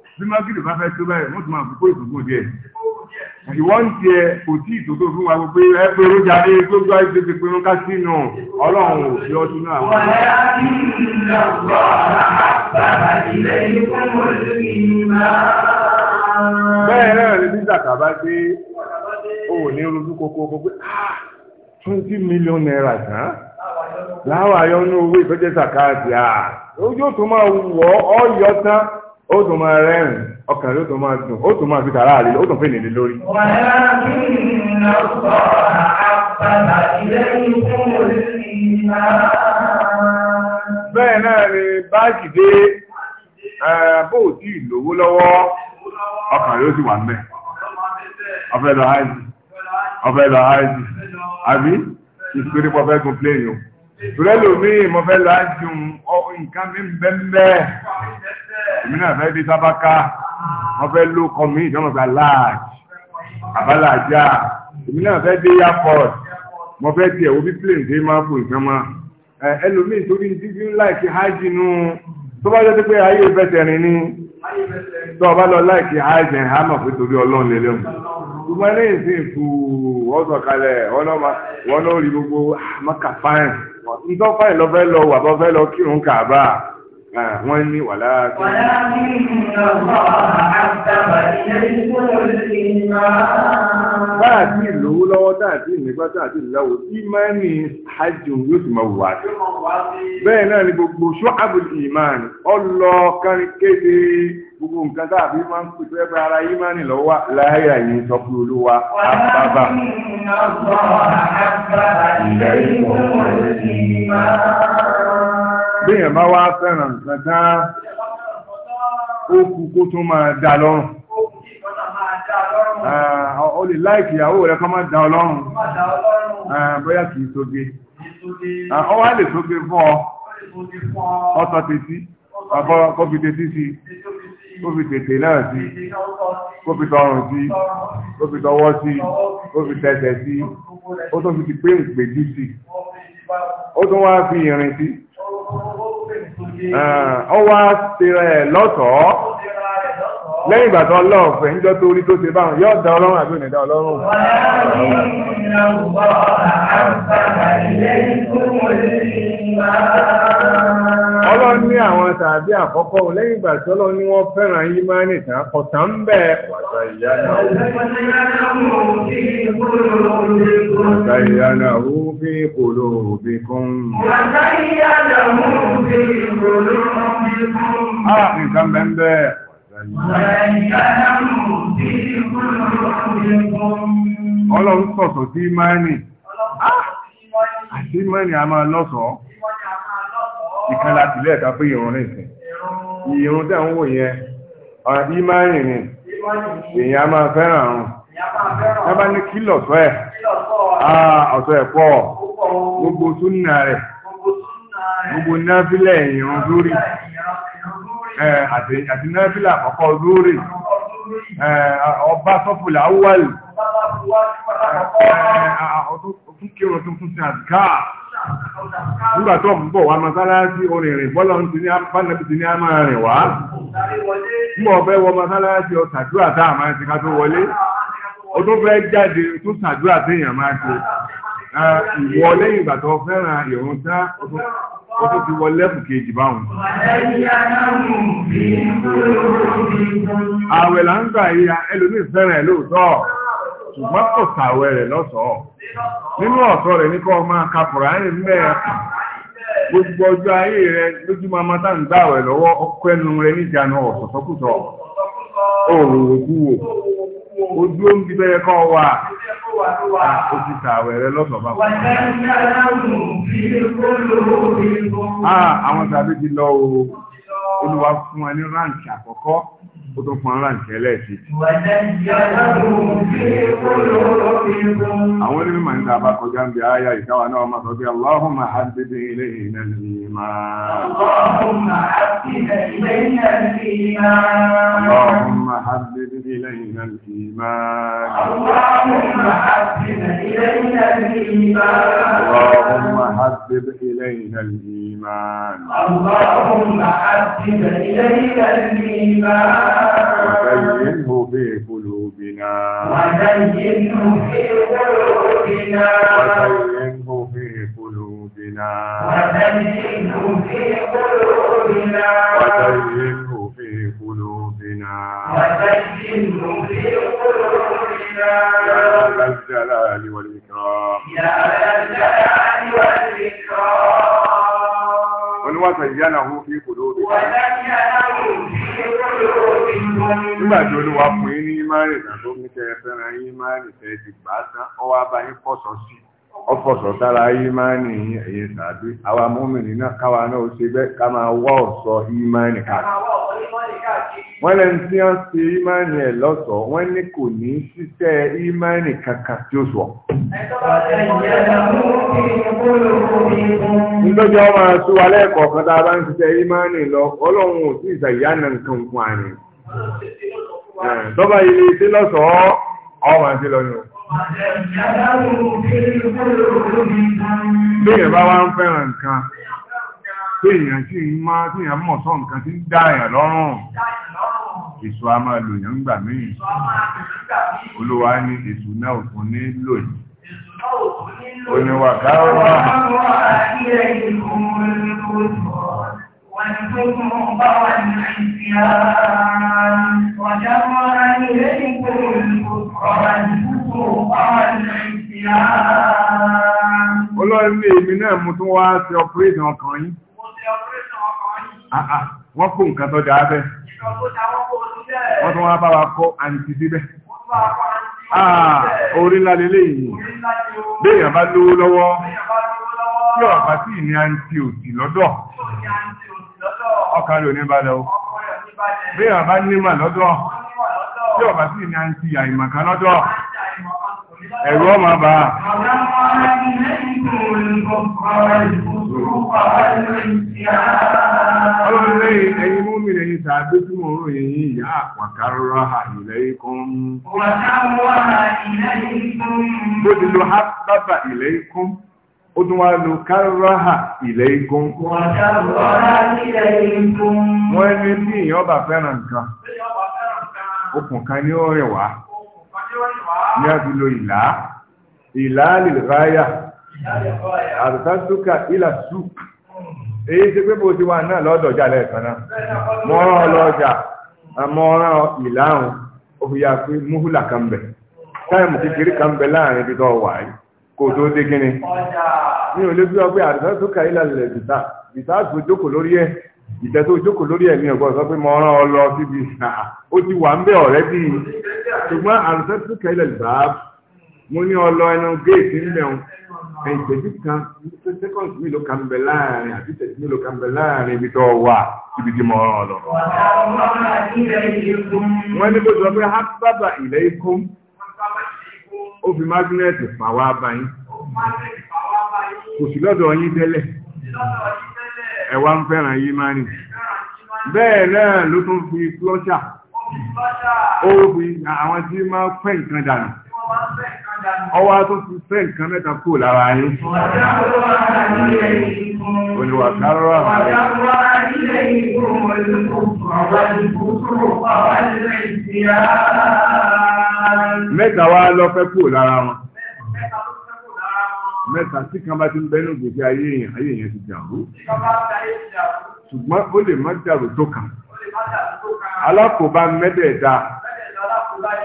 bí mágìrì bá fẹ́ tó báyìí wọ́n tún máa fi kó ìdógún díẹ̀ ìwọ́n ti ẹ kò tí ìtòtò fún wa gbogbo ẹ pé ó jáde gbogbo àìsè ti pinnu ká sínú ọlọ́run ò sí ọdún náà. wọ́n yá kí nínú ọ̀rọ̀ àbábà ilé ikún olórí máa. bẹ́ẹ̀ náà ni bíjà kàbá dé ó ní orúkú kókó gbogbo ah, twenty million naira tán láwọn ayọ́nú owó ìtọ́jẹ́ sàkáàtì à ah, ó yóò tó máa wọ̀ ọ́ yọ tán ó tún máa rẹ́rìn ọkàn ló tún máa dùn ó tún máa fi tààrà àlè ó tún fèlè lé lórí. bẹ́ẹ̀ náà ni báàgì dé bó ò tí ì lówó lọ́wọ́ ọkàn ló sì wà ń bẹ̀ ọ̀fẹ́ lọ háìjì ọ̀fẹ́ lọ háìjì àbí ìṣòro pọ̀ fẹ́ gun pléènì o. ìṣòro ẹlòmíì mo fẹ́ lọ háìjì nǹkan mi ń bẹ́ẹ̀ èmi náà fẹ́ di sábàká wọ́n fẹ́ ló kọ mí ìjọba láàjì àbálàjá èmi náà fẹ́ dé airport mo fẹ́ tiẹ̀ wo bí plane dé máa fò ìkan mọ́ ẹlòmíì torí ní títí ńlá ìkí hajj nù tó bá jẹ́ pé ayé ìfẹsẹ̀ rìn ní tó o bá lọ láìkí hajj ẹ̀ hámà pé torí ọlọ́run lè lẹ́mu gbogbo ẹni ìsìn ìfù ọ̀sọ̀ kalẹ̀ ọlọ́mà wọn náà rí gbogbo ah, maka fáìn ntọ́ fáìn lọ fẹ́ lọ wà bọ́ lọ kírun kàbá wọ́n ní wà láàájú. Báàtí ìlówó lọ́wọ́ dáàtí ìnígbà dáàtí ìlúyàwó tí ìmáànì hajjùn yóò ti máa wà sí. Bẹ́ẹ̀ náà ni gbogbo ṣọ́àbùl ìmáànì, ọlọ kárí kéde gbogbo nǹkan tàbí máa ń pèsè ẹgbẹ́ ara ìmáànì lọ́wọ́ láyà yìí sọ pé olúwa àbábà. Ìlẹ̀ ìfowópamọ́ bíyàn bá wá fẹ́ràn nǹkan tán ó kú kó tún máa dá lọ́rùn ó lè láìkì ìyàwó rẹ̀ kọ́ máa dá ọlọ́run bóyá kìí sóge ọ wá lè sóge fún ọ ọtọ tètí ọbọ kọfí tètí sí kọfí tètè náà sí kọfí tọrùn sí kọfí tọwọ́ sí kọfí tẹsẹ̀ sí ó tó fi ti pé ìpèjú sí ó tún wá fi ìrìn sí ọ wá ṣe rẹ̀ lọ́sọ̀ọ́ lẹ́yìn ìgbà tó ọlọ́run fẹ́ níjọ́ tó orí tó ṣe báwọn yóò dá ọlọ́run àbí òní dá ọlọ́run. ọlọ́run ní àwọn tàbí àkọ́kọ́ lẹ́yìn ìgbà tó ọlọ́run ní wọ́n fẹ́ràn yí máa ní ìtàn kọ̀tàn ń bẹ̀ wàtà ìyá náà wàtà ìyá náà wú fi kòló òbí kún. wàtà ìyá náà wú fi kòló òbí kún. Ọlọ́run sọ̀sọ̀ sí Máìnì. Àti a máa lọ́sọ̀ọ́. Ìkan láti lẹ́ẹ̀ta pé ìrun rẹ̀ ìsìn. Ìrun tẹ́ ń wò yẹn, ọ̀rọ̀ Ìmáìnì ni, èyàn a máa fẹ́ràn àrùn. Ẹ bá ní ẹ̀, ẹ̀ pọ̀, gbogbo rẹ̀, gbogbo náfílẹ̀ la, àkọ́kọ́ lóòrè ọba ọdún nígbà tó bọ́lọ̀ ti ní ti ní a máa rìn wá ọ̀fẹ́ wọ ọ̀tàdúrà tá a máa ti ká tó wọlé ó fẹ́ jáde tó sàdúrà téèyàn máa ṣe ìgbà tó fẹ́ràn ó ti wọlé fún kejì báwọn. awela là ń gbà yí ẹlòmíì fẹ́ràn ẹ̀ ṣùgbọ́n kò lọ́sọ̀ọ́ nínú ọ̀sọ́ rẹ̀ ní kọ́ máa ka Kùránì mẹ́ẹ̀ gbogbo ọjọ́ ayé rẹ̀ lójúmọ́ amátá ń gbà wẹ̀ lọ́wọ́ ẹnu rẹ̀ Ah, ó ti tààwẹ̀ rẹ lọ́sọ̀ bá wọn. àwọn tàbí ti lọ o. olúwa fún ẹni ráǹkì àkọ́kọ́ ó tó fún ráǹkì ẹlẹ́ẹ̀kejì. àwọn onímọ̀ nígbà bá kọjá ń bí ayá ìkáwà náà máa sọ pé Allahumma haddid ilayna al-iman. Allahumma haddid ilayna al-iman. Allahumma haddid ilayna al-iman. Allahumma haddid ilayna al-iman. Allahumma haddid ilayna al-iman. Allahumma haddid حبب إليك الإيمان وزينه في قلوبنا وزينه في قلوبنا وزينه في قلوبنا وزينه في قلوبنا وزينه في قلوبنا وزينه في قلوبنا يا ذا الجلال والإكرام يا ذا الجلال والإكرام وزينه في قلوبنا Nígbà tí Olúwa fún yín ní ìmáàrì tàbí omi tẹ́ ẹ fẹ́ràn yín ìmáàrì tẹ́ ẹ ti gbà á tán, ọwọ́ abáyín pọ̀sọ̀ sí i. ọfọ̀sọ̀ imani ìmáàni ẹ̀yẹ sàbí àwa na kawa na osebe ṣe bẹ́ẹ̀ ká máa wọ́ ọ̀sọ̀ ìmáàni káàkiri wọ́n lẹ́nu tí wọ́n ṣe ìmáàni ní kò ní imani kankan tí ó sọ. ọ máa tú wa lẹ́ẹ̀kọ̀ọ̀kan tá a bá ń lọ ọlọ́run ò sí ìṣàyànà nǹkan fún tọ́ba Béèyàn bá wá ń fẹ́ràn nǹkan, béèyàn sì ń máa tí èèyàn mọ̀ sọ nǹkan tí ń dá èèyàn lọ́rùn. Èṣù a máa lò yàn gbà mí. Olúwa ní èṣù náà ò fún ní lòdì. Oníwàká wà. والحكم بوى العصيان وجرى إليكم الكفر Ọlọ́rin èmi náà mú tún wá sí ọpúrẹ́sìn ọkàn yín. Ah, ah, wọ́n kó nǹkan tó dáa bẹ́. Wọ́n tún wá bá wa kọ́ àǹtí síbẹ̀. Ah, orí ńlá lélẹ̀ yìí. Béèyàn bá lówó lọ́wọ́. Tí ọ̀pá sí ìní àǹtí òsì lọ́dọ̀. Ọkàn rẹ̀ ò ní bá lọ. Béèyàn bá ní mà lọ́dọ̀. Tí ọ̀pá sí ìní àǹtí àìmàkà lọ́dọ̀. ẹ̀rù ọmọ bá ọlọ́lẹ́ ẹ̀yin mú mi lẹ́yìn tàbí tí mo rò yìí ìyá àpàkà rọ́rọ́ àìlẹ́ ikún ti lo ikún ó tún wá lo ikún wọ́n ní fẹ́ràn ní a ti lo ìlà ìlà lè ráyà àtàtúkà ìlà sùk èyí ti pé bó ti wà náà lọ́dọ̀jà lẹ́ẹ̀kan náà mọ́rán ọlọ́jà mọ́rán ìlàrun ó fi pé múhùlà kan bẹ̀ táìmù kékeré kan bẹ̀ láàrin ibi wà yìí kò ọ ìlà lè ìtẹ́ tó jókòó lórí ẹ̀mí ọ̀gbọ́n sọ pé mo rán ọ lọ síbi ìsàá ah, ó ti wà ń bẹ ọ̀rẹ́ bí i ṣùgbọ́n àrùsẹ́tù kẹlẹ̀ bá mo ní ọ lọ ẹnu géètì ń bẹ̀rù ìtẹ́jú kan sẹ́kọ̀ǹsì mi ló kà ń bẹ láàrin àti ìtẹ́jú mi ló kà ń bẹ láàrin ibi tó wà síbi tí mo rán ọ lọ. wọ́n ní kó sọ pé hábàbà ilẹ̀ ikú ó fi mágínẹ́ẹ̀tì fà wá kò sí lọ́dọ̀ yín tẹ́lẹ̀ ẹ̀wà ń fẹ́ràn yí máa nì bẹ́ẹ̀ náà ló tún fi klọ́ṣà ó fi àwọn tí máa fẹ́ nǹkan dànù ọwá tó fi fẹ́ nǹkan mẹ́ta kú lára yín oníwàkárọ́ mẹ́ta wá lọ fẹ́ kú lára wọn mẹ́ta tí kan bá ti ń bẹ́nu gbèsè ayé èèyàn ayé èèyàn ti dàrú ṣùgbọ́n ó lè má dàrú tó kàn alákòóbá mẹ́tẹ̀ẹ̀ta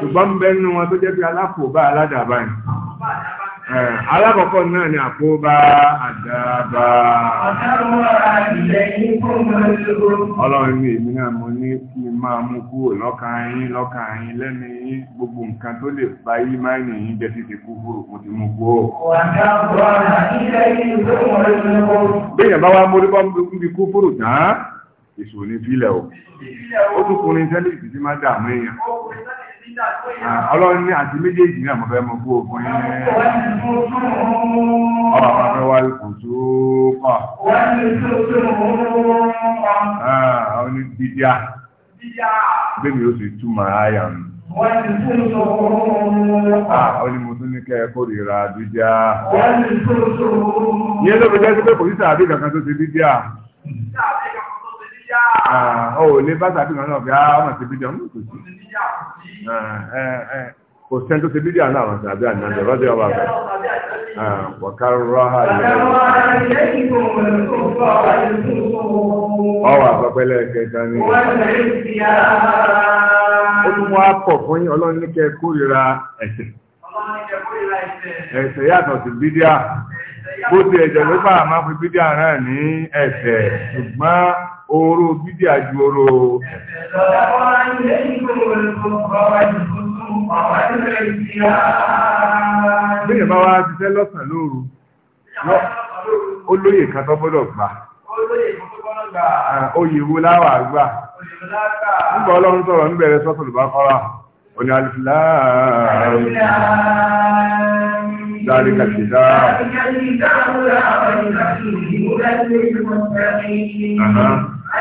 ṣùgbọ́n bẹ́nu wọn tó jẹ́ pé alákòóbá aládàbáyìn Eh, alakọkọ náà ni àkóbá àdábà ọlọ́run ní èmi náà mo ní kí máa mú kúrò yín yín yín gbogbo nǹkan tó lè bá yí máa títí kúrò mo ti mú kúrò bá wá mórí bá níbi kúrò tán èso ní fílẹ̀ o ó tún kùnrin tẹ́lẹ̀ dààmú èèyàn Ah, ọlọ́run ní àti méjèèjì náà mo fẹ́ mọ òfin ní bụ wọn fẹ́ wá tó kọ̀ ọ ah, ní dídíà bẹ́ẹ̀ni ó sì túmọ̀ àyà mi. Àwọn ah, ni mo tún ní kẹ́ kórìíra Yẹ́n ló fi jẹ́ sí pé kò sí sàbí kankan tó ti ó lè bá sàbí kan náà bí a bídíà mú kò sí. kò sẹ́ni tó ṣe bídíà náà àwọn sàbí ànájọ lọ́dẹ ọba rẹ̀ wọ̀kárọ̀ ha ọwọ́ kẹta ni. ó pọ̀ fún yín ọlọ́run ní kẹ́ kórìíra yàtọ̀ sí bídíà. bó ti ẹ̀jẹ̀ ló bá àmá fi bídí àrán ní ẹ̀fẹ̀ ṣùgbọ́n oró bídí àjú oró Bíyẹ̀ bá wá jíṣẹ́ lọ́sàn lóru, ó lóyè kan tó gbọ́dọ̀ gbà. Oyè wo láwà gbà? Nígbà ọlọ́run sọ̀rọ̀ níbẹ̀rẹ̀ sọ́tùlù bá kọ́ra, òní ذلك الكتاب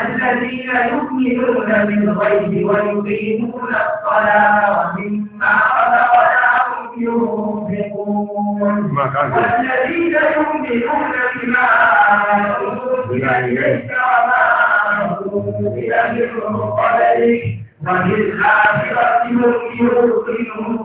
الذين يؤمنون بالغيب ويقيمون الصلاة ومما رزقناهم ينفقون والذين يؤمنون بما أنزل إليك وما أنزل من قبلك وبالآخرة هم يوقنون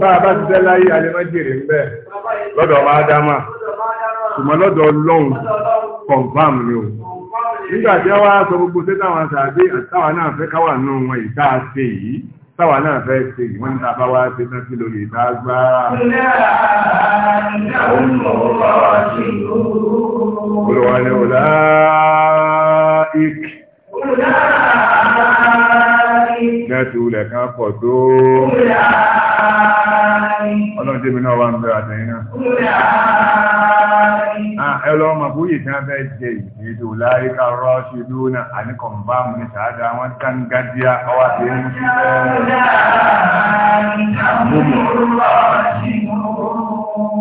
bá a bá ti fẹ́ láyé alẹ́mọ́jèrè ń bẹ̀ lọ́dọ̀ ọmọ ádámà ṣùgbọ́n lọ́dọ̀ ọlọ́run confam ni o nígbà tí wọ́n wá sọ gbogbo sí táwọn sàbí àtàwọn náà fẹ́ káwà nù wọn ìta ṣe yìí táwà náà fẹ́ ṣe ìwọ́n ní tàbá wá ṣe náà sí lórí ìta gbá. olùwà ni ọ̀la ik. ọ̀la ik. Gẹ́ẹ̀tì ulẹ̀ kan pọ̀ tó. Ọlọ́run tèmi náà wà ń bẹ̀rẹ̀ àtẹ̀yìn náà. Ah, ẹ lọ mọ̀ bú yìí tí wọ́n fẹ́ jẹ ìdò láyé ká rọ́ ṣe lónà àníkàn bá mú ní ṣáájá wọn kán gádíá ọwá tí ó ń ṣe.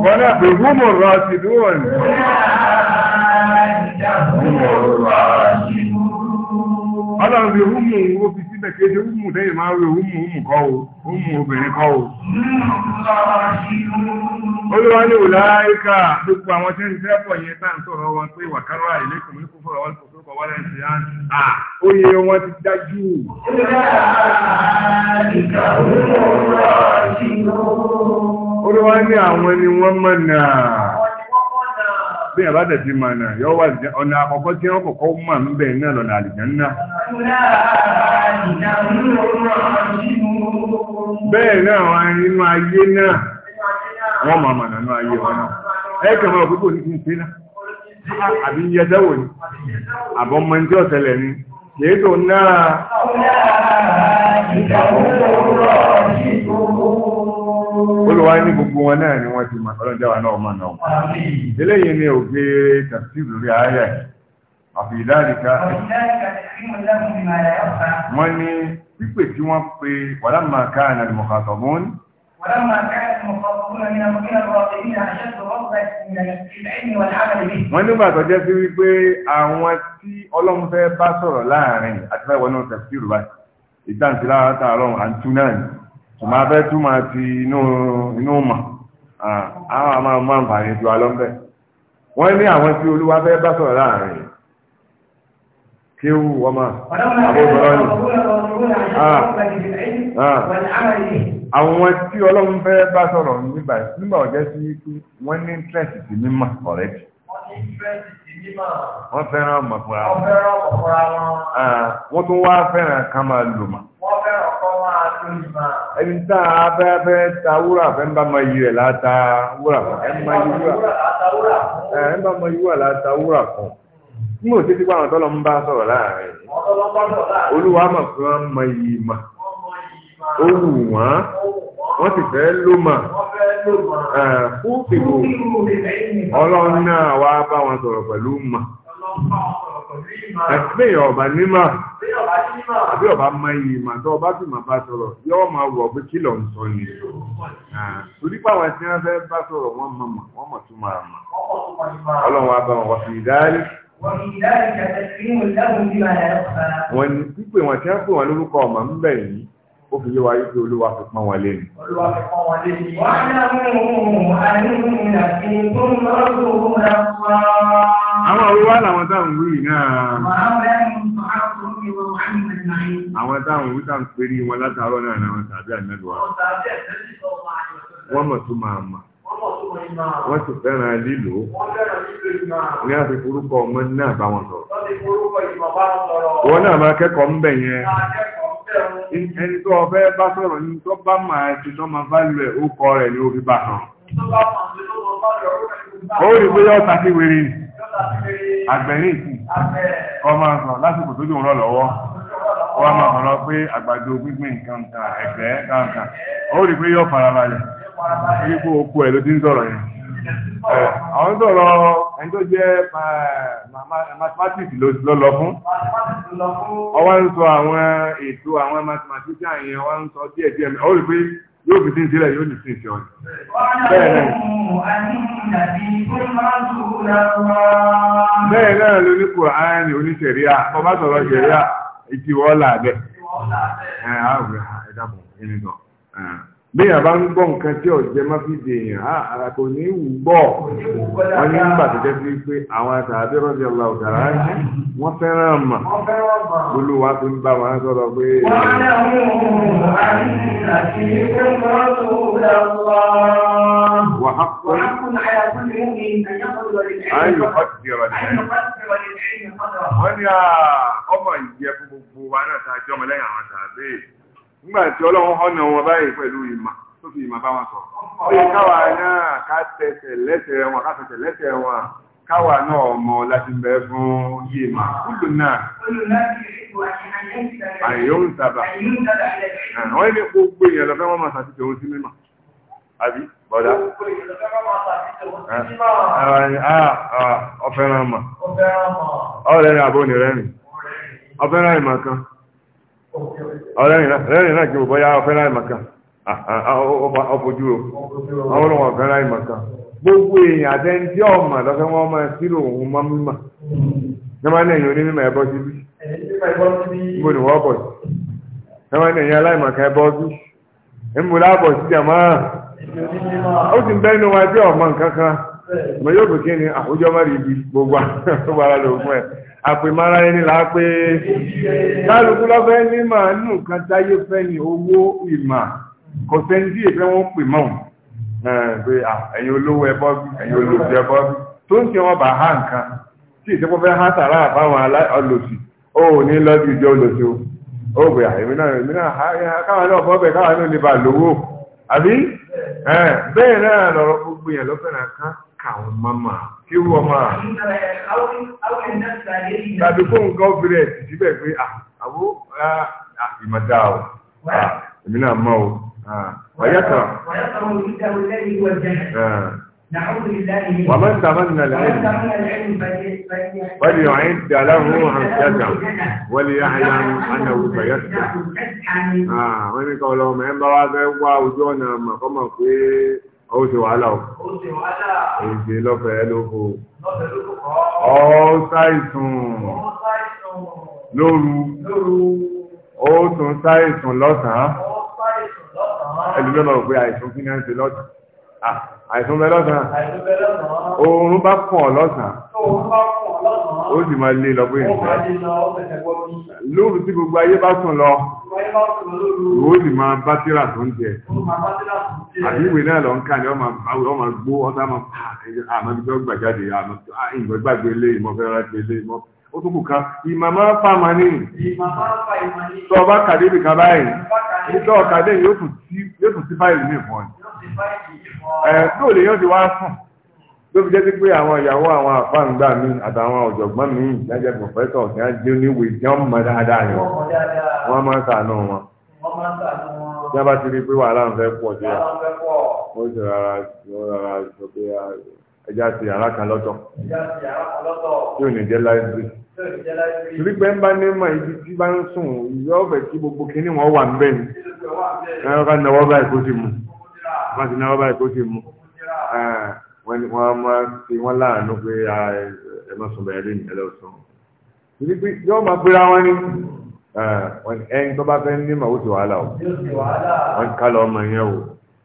Wọ́n náà pè gúmù rọ́ sí lónà. Ọlọ́run fi húmù ó fi bẹ̀ kéde húmù lẹ́yìn máa rí húmù húmù kọ́ o húmù obìnrin kọ́ o. olúwa ní òlà ìka gbogbo àwọn tí ń tẹ́pọ̀ yẹn tá sọ̀rọ̀ wọn pé wàkárọ̀ àìlẹ́kùn ní kò fọ̀rọ̀ wọn kò fọ̀rọ̀ wọn bí ẹ̀bá tẹ̀sí ma náà yọ wà ọ̀nà àkọ́kọ́ tí wọ́n kọ̀kọ́ mọ̀ ń bẹ̀ náà lọ́nà àlìjánná bẹ́ẹ̀ náà wọ́n nínú ayé náà wọ́n ma mọ̀ nínú ayé wọn náà ẹ̀kẹ́ mọ̀ púpọ̀ ní kí n àbí yẹsẹ́wò ni àbọ̀ mọ̀ ní ọ̀sẹ̀lẹ̀ ni kìí tó náà olùwà ní gbogbo wọn náà ni wọ́n ti mọ̀ ọlọ́jà wa náà mọ̀ náà. eléyìí ni òkè tàbí lórí ayé àfi ìdáríkà. wọ́n ní pípè tí wọ́n pe wàlá máa ká àná al-mukhatabun. wàlá máa ká al-mukhatabun ní àmọ́kínà rọ̀bì ní àṣẹ́tò rọ̀bà ìlànà wal-amal bihi. wọ́n nígbà tó jẹ́ sí wípé àwọn tí ọlọ́run fẹ́ bá sọ̀rọ̀ láàrin àti fẹ́ wọnú tafsir báyìí ìdáǹtì lára tààrọ̀ àǹtú ọmọ abẹ́ túmọ̀ ti inú mọ̀ àwọn àmà máa ń fààyè ju alọ́ńbẹ́ wọ́n ní àwọn tí olúwa fẹ́ bá sọ̀rọ̀ láàrin kí ó wọ́n máa àwọn tí ọlọ́run fẹ́ bá sọ̀rọ̀ nígbà nígbà ọ̀jẹ́ sí pé wọ́n ní tírẹ̀sì sí mímọ̀ ọ̀rẹ́dì wọ́n fẹ́ràn ọmọ fúnra wọn wọ́n tún wá fẹ́ràn ká máa wọ́n fẹ́ràn kọ́ máa lò mà ẹni tá a fẹ́ fẹ́ ta wúrà fẹ́ ń bá ma yí rẹ̀ láta wúrà fún ẹ ń bá yí wúrà ẹ ń bá ma yí wúrà láta wúrà fún n ò títí pa àwọn tọ́lọ ń bá sọ̀rọ̀ láàrin olúwa mọ̀ pé wọ́n mọ iyì mà ó wọ́n wọ́n fẹ́ ló mà fún ìlú ọlọ́run náà wá bá wọn sọ̀rọ̀ pẹ̀lú mà ẹ̀pẹ́ ọ̀bà nímọ̀ àbí ọ̀bà mọ iyì mà tó ọba sì mà bá sọ̀rọ̀ yọ́ máa wọ̀ pé kí lọ ń sọ ni torí pàwọn tí bá sọ̀rọ̀ wọ́n mọ̀ mọ̀ wọ́n mọ̀ tún máa mọ̀ ọlọ́run wa wọn fi ìdárí. wọ́n ní pípé wọn tí wọ́n pè wọn lórúkọ ọ̀mà ń bẹ̀ yìí ó fi yé wa yí pé olúwa fi pọ́n wọn léni. olúwa fi pọ́n wọn léni. wọ́n á dá Àwọn òwúwá làwọn táwọn wí náà. Àwọn táwọn wí táwọn péré wọn látàárọ̀ náà náà tàbí àmẹ́lùwá. Wọ́n mọ̀ tó máa mọ̀. Wọ́n sì fẹ́ràn lílò. Ní àti forúkọ ọmọ náà bá wọn sọ̀rọ̀. Wọ́n náà máa kẹ́kọ̀ọ́ ń bẹ̀ yẹn ẹni tó ọfẹ́ bá sọ̀rọ̀ ní tó bá máa ti tó máa bá lẹ̀ ó kọ rẹ̀ ní orí bá kan. ó rí pé yọ́ ta sí wèrè ni. àgbẹ̀rẹ̀ ìkù kọ́ máa sọ lásìkò tó dùn rọ̀ lọ́wọ́ wọ́n máa sọ̀rọ̀ pé àgbàdo gbígbìn nǹkan kan ẹ̀fẹ́ kankan ó rí pé yóò farabalẹ̀ nípò okú ẹ̀ ló ti ń sọ̀rọ̀ yẹn. àwọn sọ̀rọ̀ ẹni tó jẹ́ mathematics ló lọ fún ọwọ́ ń sọ àwọn ètò àwọn yẹn wọ́n ń sọ díẹ̀díẹ̀ ó rí pé yóò fi sín sílẹ̀ yóò ní sín sí ọ̀nà. Bẹ́ẹ̀ náà ló ní Kùránì ọba sọ̀rọ̀ ìtìwọ́ làbẹ̀. bí yàrá ń gbọ́ nǹkan tí ọ̀jẹ́ má fi dèèyàn á kò ní wù gbọ́ wọ́n ní nígbà tó jẹ́ sí pé àwọn àtàbí rọ́bì ọ̀la ọ̀tàrà wọ́n fẹ́ràn mà olúwa tó ń bá wọn sọ̀rọ̀ pé. wọ́n ní àwọn ohun àti ìfẹ́ وحق أن يقدر العلم wọ́n ní ọmọ ìjẹ́ gbogbo wa náà tá a jọ́mọ lẹ́yìn àwọn tàbí nígbà tí ọlọ́run ọ̀nà wọn báyìí pẹ̀lú ìmọ̀ tó fi ìmọ̀ bá wọn sọ. ó yẹ káwa náà ká tẹsẹ̀ lẹ́sẹ̀ wọn ká tẹsẹ̀ lẹ́sẹ̀ wọn káwa náà ọmọ láti bẹ fún yìí mà kúlù náà. àyò ń sábà àwọn ilé gbogbo èèyàn lọ́fẹ́ wọn máa ṣàtìtì ohun sí mímọ̀ àbí bọ́dá. ọ̀fẹ́ràn mọ̀ ọ̀rẹ́rìn àbónirẹ́rìn ọ̀fẹ́ràn ìmọ̀ kan. ọ̀rẹ́rìn náà kí o bọ́yá ọ̀fẹ́ láì màkà ọ̀bọ̀jú àwọn olùwọ̀n ọ̀fẹ́ láì màkà gbogbo èèyàn àtẹ́ntí ọ̀mà lọ́fẹ́ wọn máa sílò òun mọ́ mímọ̀ níwájú ẹ̀yìn onímọ̀ ẹ̀bọ́ wọ́n bọ̀ sí ẹ̀bọ́ sí ẹ̀mú láàbọ̀ sí jàmá ó sì ń bẹ́ nínú wa tí ọ̀mọ̀ nǹkan kan mo yóò fi ni àwùjọ rí ibi gbogbo àwọn àpèmára ẹni là á pé kálukú lọ́fẹ́ ní màá nù kan táyé fẹ́ ni owó ìmà kò sẹ́ńdí ìfẹ́ wọn pè mọ́ pé ẹ̀yin olówó ẹbọ bí ẹ̀yin olòsì ẹbọ bí tó ń ṣe wọn bá há nǹkan tí ìṣẹ́pọ̀ fẹ́ há sàrà àbáwọn olòsì ó ní lọ́dún ìjọ olòsì o ó pè àìmí náà èmi náà káwọn náà fọ́ bẹ̀ káwọn náà lè bà lówó àbí bẹ́ẹ̀ náà lọ́rọ̀ gbogbo yẹn lọ́fẹ́ náà kán káwọn mọ́mà kí wọ́n máa tàbí fún nǹkan obìnrin ẹ̀sì síbẹ̀ pé ah, àwọ ah, ah, ìmọ̀dá o èmi náà mọ́ o wàyàtọ̀ ومن تمنى العلم فليعد له حجته وليعلم انه سيسمع. اه wọ́n ní kọ́ lọ́wọ́ mẹ́ńbà wá fẹ́ wá ojú ọ̀nà àmọ́ kọ́mọ̀ pé ó ṣe wàhálà ó ṣe lọ́fẹ̀ẹ́ lóko ọ́sáìsùn lóru ó tún sáìsùn lọ́sàn-án ẹlùmẹ́lọ pé àìsùn kí ní ẹ́ ń ṣe lọ́sàn-án àìsùn bẹ lọ́sàn-án oòrùn bá pọ̀ lọ́sàn-án ó sì máa lé lọ pé nǹkan lóru tí gbogbo ayé bá sùn lọ ó sì máa bá tíra tó ń jẹ àbí ìwé náà lọ ń kà ní ọmọ gbó ọtá máa àmọ́ ibi tó gbàjáde àmọ́ ìgbà gbàgbé lé ìmọ̀ fẹ́ rárá gbé lé ìmọ̀ ó tó kù kan ìmọ̀ máa ń fa màá ní tọ́ ọba kàdé ibìkan báyìí nítorí ọ̀kadé yóò tún sí fáìlì ní ìfọ̀n ẹ̀ tó tó fi jẹ́ sí pé àwọn ìyàwó àwọn àfáǹgbà mi àtàwọn ọ̀jọ̀gbọ́n mi ìjájẹ́ pòfẹ́sọ̀ tí wọ́n oníwèé tí wọ́n mọ dáadáa yẹn wọ́n máa ń sàánú wọn. tí wọ́n bá ti rí pé wàhálà ń fẹ́ pọ̀ sí ẹ̀ ó sì rárá sọ pé ẹja ti yàrá kan lọ́tọ̀ tí ò ní jẹ́ láìsí. torí pé ń bá ní mọ̀ ibi tí bá ń sùn ìyá ọ̀fẹ́ tí gbogbo kinní wọn wà ń ni ẹ̀rọ wọ́n máa fi wọ́n láàánú pé ẹ má sùn bẹ̀rẹ̀ lónìí ẹlẹ́ òsùn. Ibi pé yóò máa pera wọn ní ẹni tó bá fẹ́ ní màwó ti wàhálà o. Wọ́n ká lọ ọmọ yẹn o.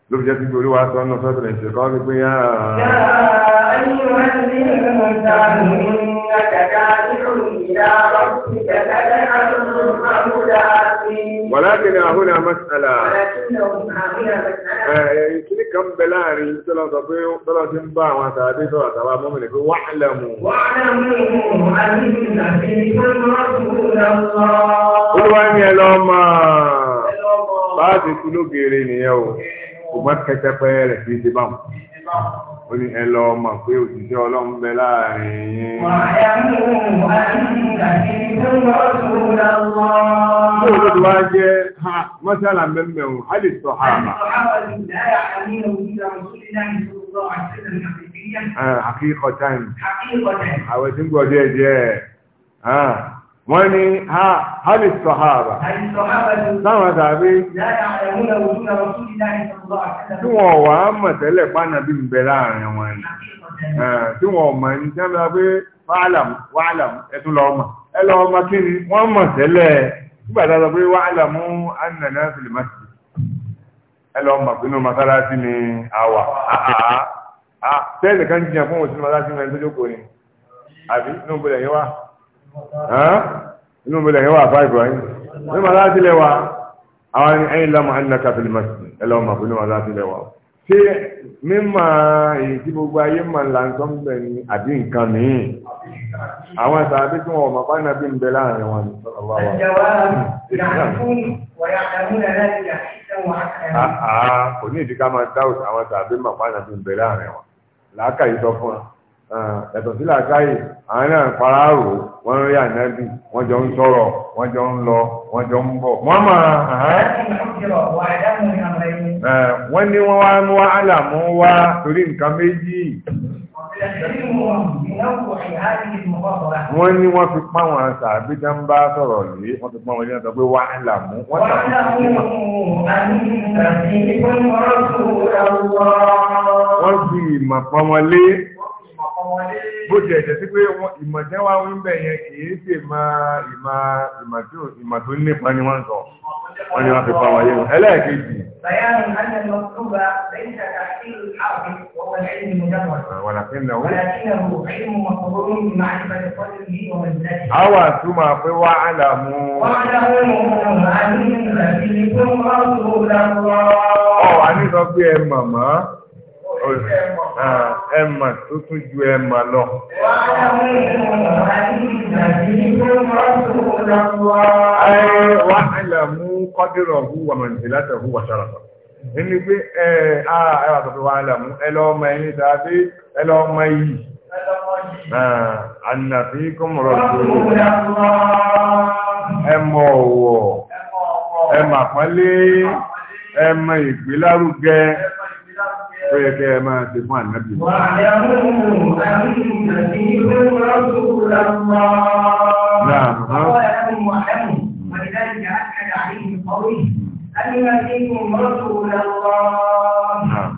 Ló fi jẹ́ sí pé olúwa sọ ọ́nà sọ́tọ̀ lẹ́sẹ̀ kọ́ wípé yá. Yá ayé wọn ní ìlú ìta ìlú. ولكن هنا مسألة kiri kan bẹ láàrin tọ́lọ́sọ pé tọ́lọ́ ti ń bá àwọn àtàdé sọ̀rọ̀ àtàwà mọ́mìnì pé wà lẹ́mù. olúwa ní ẹ lọ máa bá ti kú lógeere nìyẹn o kò má kẹtẹpẹ rẹ̀ fi ti bá wọn ó ní ẹ lọ mọ̀ pé òṣìṣẹ́ ọlọ́run bẹ láàrin yín. Bó ló ti wá jẹ́ mọ́ṣálà mẹ́mẹ́rún, a lè sọ àmà. Àkíkọ̀ táìmù. Àwẹ̀ tí ń gbọ́ díẹ̀ díẹ̀ wọ́n ní ha hálì sọ̀háàbà láwọn tàbí tí wọ́n wà á mọ̀ tẹ́lẹ̀ pánà bí ń bẹ láàrin wọn ni tí wọ́n mọ̀ ní tí wọ́n bá pé wàhálàmù wàhálàmù ẹ̀tún lọ́ọ̀mà ẹlọ́ọ̀mà kí ni wọ́n mọ̀ tẹ́lẹ̀ nígbàtà sọ pé wàhálàmù annana filimasi ẹlọ́ọ̀mà pínú masalasi ni àwà tẹ́lẹ̀ kan jìyàn fún òsínú masalasi ní ẹni tó jókòó ni àbí níbo lẹ́yìn wá inú mi lẹ́yìn wà fáìfù ayé ní màláàtì lẹ́wà àwọn ẹ̀yìn lọ́mọ ẹ̀nàkà fìlì mọ́sí ẹlọ́wọ́ màfún ní màláàtì lẹ́wà ṣé mímọ̀ èyí tí gbogbo ayé mọ̀ là ń sọ́n bẹ̀ ni àbí nǹkan mìíràn àwọn ẹ̀sà àbí tí wọn ò mọ̀ fáìnà bí ń bẹ láàrin wọn ni sọ́nà wà wà. kò ní ìdí ká máa dáhùn àwọn ẹ̀sà àbí mọ̀ fáìnà bí ń bẹ láàrin wọn yàtọ̀ sí làákàyè àwọn náà paráàrò wọ́n rí ànábì wọ́n jọ ń sọ̀rọ̀ wọ́n jọ ń lọ wọ́n jọ ń bọ̀. wọ́n máa wọ́n ní wọ́n wá mú àlàmú wá torí nǹkan méjì. wọ́n ní wọ́n fi pa wọn àṣà àbíjá ń bá sọ̀rọ̀ yìí wọ́n fi pa wọn nígbà pé wá àlàmú. wọ́n sàkóso wọn. wọ́n fi ìmọ̀ pọ́nwọlé bó ti ẹ̀jẹ̀ sí pé ìmọ̀ tí wọ́n ń bẹ̀ yẹn kì í ṣe ìmọ̀ tó nípa ni wọ́n sọ wọ́n ni wọ́n fi pa wọn yẹn ẹlẹ́ẹ̀kejì. ولكنه أو ثم واعلموا واعلموا أن نبيكم رسول الله. أو أن نبيكم ماما ẹ̀mà tó tún ju ẹ̀mà lọ. Wà á lè mú kọ́dírọ̀ hu wà mọ̀nìtìlátà hu wà sára sọ̀rọ̀. Ẹni pé ẹ̀ ẹ̀wà tó fi wà á lè mú ẹlọ́mọ ẹ̀yìn tàbí ẹlọ́mọ yìí. Ànà fi kọ́mọ̀rọ̀ tó ẹmọ ọ̀wọ̀ ẹmà pọ́nlé ẹmọ ìgbélárugẹ. أن yẹ رسول الله نعم ṣe لهم ànábì. ولذلك أكد عليهم قوله أن فيكم رسول الله نعم.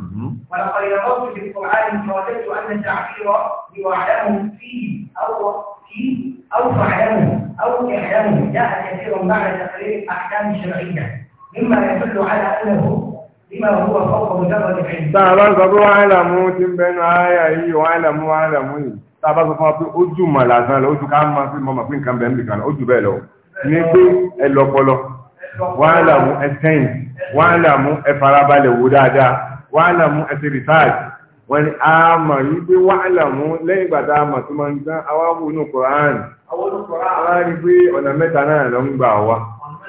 ولقد نظرت في القرآن فوجدت أن التعبير بوعدهم فيه أو فيه أو فعلهم أو إعلامهم جاء كثير بعد تقرير أحكام شرعية مما يدل على أنه Tàbá sọ pé wọ́n àìlàmú ti ń bẹnu ààyà yìí, wọ́n àìlàmú wọ́n àìlàmú yìí. Tàbá sọ fún wa pé ó jù mọ̀ lásán lọ, ó jù ká máa fi mọ́ màfí nǹkan bẹ̀rẹ̀ nìkan, ó jù bẹ́ẹ̀ lọ. Ní pé ẹ lọ́pọlọ, wọ́n àìlàmú ẹ tẹ́yìn, wọ́n àìlàmú ẹ farabalẹ̀ wò dáadáa, wọ́n àìlàmú ẹ ti rìsáàjì. Wọ́n a mọ̀ yí a mọ̀ tó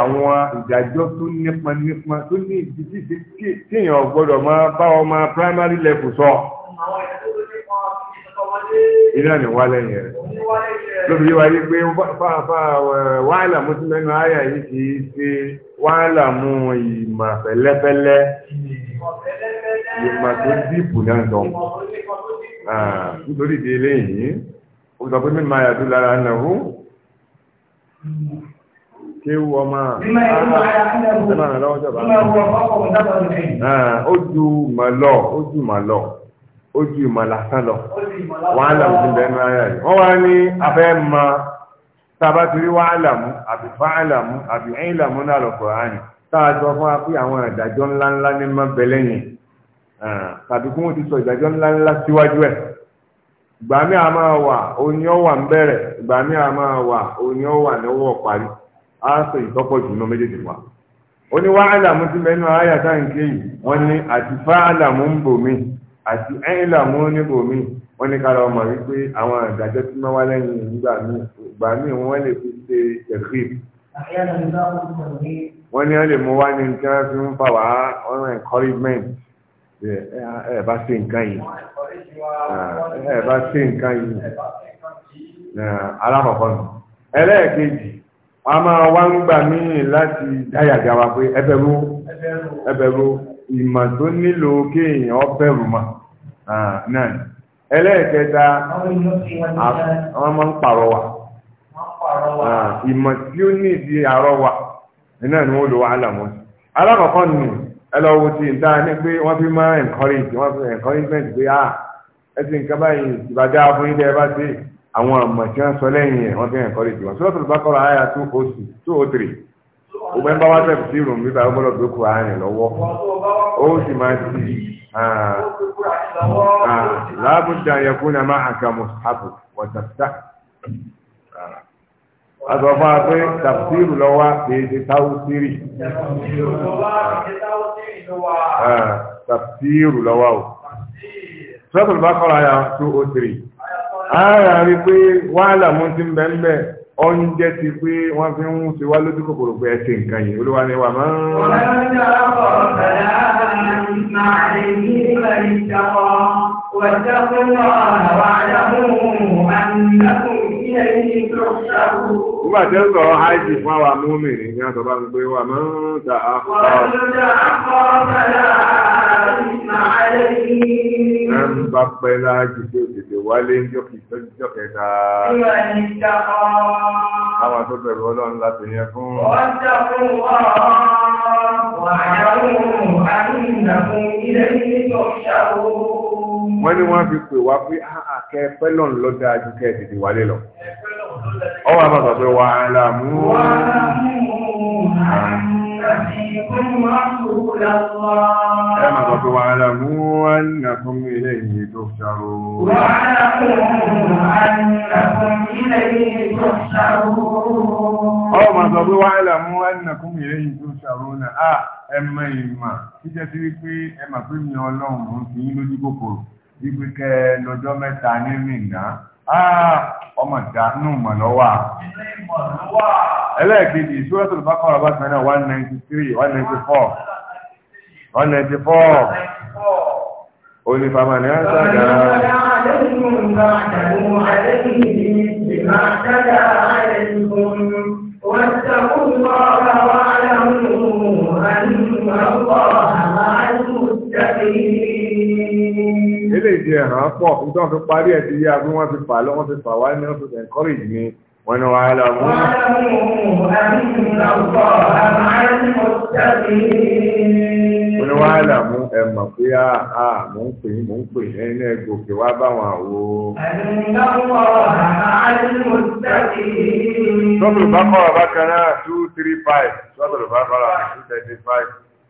àwọn ìdájọ́ tó nípa nípa tó ní ibi títí tíyàn gbọ́dọ̀ máa bá ọmọ primary level sọ. iná ni wá lẹ́yìn rẹ̀ lóbi yíwa yí pé wàhálà mú sí mẹ́nu àyà yìí kì í ṣe wàhálà mú ìmọ̀ pẹ̀lẹ́pẹ̀lẹ́ ìmọ̀ tó dìbò náà dán nítorí ìdí eléyìí ó sọ pé mímọ àyàdúlára náà kéwú ọmọ ó ju mọ̀ lọ ó ju mọ̀ lọ ó ju ìmọ̀ lásán lọ wàhálà òsì bẹ́ẹ̀ ní ayé yìí wọ́n wá ní abẹ́ ma tába ti rí wàhálà mú àbí fàhálà mú àbí ẹ̀yìnlá mú náà lọ́kọ̀ ààyè táà fún wa àwọn ìdájọ́ ńláńlá ní má bẹ lẹ́yìn tàbí kí ti sọ ìdájọ́ ńláńlá síwájú ẹ̀ ìgbà àmà wà òní ọ̀wà ń bẹ̀rẹ̀ ìgbà àmà wà òní ọ̀wà lọ́wọ́ parí á sọ ìtọ́pọ̀ jù nínú méjèèjì wa ó ní wá àlàmú tí mẹ́nu àyà táǹkì yìí wọ́n ní àti fá àlàmú ń bò mí àti ẹ̀yìn làmú ní bò mí wọ́n ní kára ọmọ wípé àwọn àdájọ́ tí wọ́n wá lẹ́yìn ìgbà míì ìgbà míì wọ́n lè fi ṣe ẹ̀kíìpù wọ́n ní wọ́n lè mú wá ní tí fi ń fà wá ọ̀rọ̀ encouragement ẹ bá ṣe nǹkan yìí ẹ bá ṣe nǹkan yìí alákọ̀ọ́kọ́ nù ẹlẹ́ẹ̀kejì wọ́n a máa wá ń gbà mí láti dáyàgá wa pé ẹbẹ̀rú ẹbẹ̀rú ìmọ̀ tó nílò kéèyàn ọbẹ̀rù mọ̀ náà ẹlẹ́ẹ̀kẹta àwọn máa ń pàrọwà ìmọ̀ tí ó ní ìdí àrọwà náà ni wọ́n lò wá àlàmọ́ alákọ̀ọ́kọ́ nù ẹlọ́wọ́ ti ń dá ní pé wọ́n fi máa encourage wọ́n fi encouragement pé ẹ ti nǹkan báyìí ìbàdá fún bá ṣe àwọn àmọ̀ tí wọ́n sọ lẹ́yìn ẹ̀ wọ́n fi hàn kọ́lé jùlọ sọ́dọ̀ tó bá kọ́ra àyà tó o sì tó o tèrè o bẹ́ẹ̀ bá wá tẹ̀ sí ìrùn bíbá o gbọ́dọ̀ gbókù àárín lọ́wọ́ o sì máa ti láàbùdà yẹkùn náà máa àkà mùsàbù wọ̀tàtà. Àtọ̀fà pé tàfsírù lọ́wọ́ kìí ṣe táwùsírì. Tàfsírù lọ́wọ́ o. Sọ́dọ̀ bá kọ́ra àyà tó o oh tèrè. ara rí pé wàhálà mú ti ń bẹ́ oúnjẹ ti pé wọ́n fi ń ṣe wá lójú kòkòrò pé nǹkan yìí olúwa ni wà máa ń. ọ̀làjà ọ̀pọ̀ ọ̀sẹ̀lá máa lè ní ìgbà ìjàpọ̀ wọ̀jọ́kúnlọ́ àwọn àdàmú àdàmú na yìí tó nígbà tí ó sọ áìjì fún àwa múmi ní ìyá sọ bá wà máa ń ta Ẹ ń bá pẹ́ láàájú tí ó tètè wálé jọ́kìtọ́jọ́ kẹta. Àwọn tó bẹ̀rù ọlọ́run láti yẹn fún. Ọjọ́ fún wọn, wà yàrá àrùn ilé ìjọ ṣàwó. Wọ́n ní wọ́n fi pè wá pé àkẹ́ pẹ́lọ̀n lọ dáa ju wálé lọ. Ọwọ́ àbàbà pé wà á là Wà á mú. كما تقول واعلموا أنكم إليه تحشرون واعلموا أنكم إليه تحشرون أو ما تقول واعلموا أنكم إليه تحشرون آه ẹmọ ìmọ̀ títẹ́ sí wípé ẹmọ̀ pé mi ọlọ́run ń fi yín lójú kòkòrò wípé kẹ lọ́jọ́ mẹ́ta ní mìíràn Ah, ọmọ ìdánù mọ̀lọ́wà ẹlẹ́ẹ̀kejì Suratul Baqara bá tẹ́lẹ̀ 193 194 194 olùfàmàlẹ́ àtàdà Àwọn ti hàn pọ̀ nítorí wọ́n fi parí ẹ̀ ti yá bí wọ́n fi fà wọ́n fi fà wá ní wọ́n fi encourage ni wọ́n ní lọ mú. wọ́n ní wàá lọ mú ẹ pé a a mò ń pè mò ń pè ẹni ẹ gòkè wá báwọn àwo. sọ́bùrù bá kọ́ ọ̀bá kan náà two three five sọ́bùrù bá kọ́ ọ̀bá two thirty five.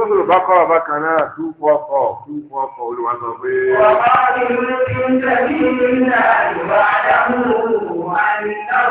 sọ́sọ̀rọ̀ bá kọ́ ọba kan náà tú fọ́ ọkọ̀ tú fọ́ ọkọ̀ olùwà sọ pé. ọba ìlú ti ń tẹ̀lé ìrìnà ìwà àdámù àìsàn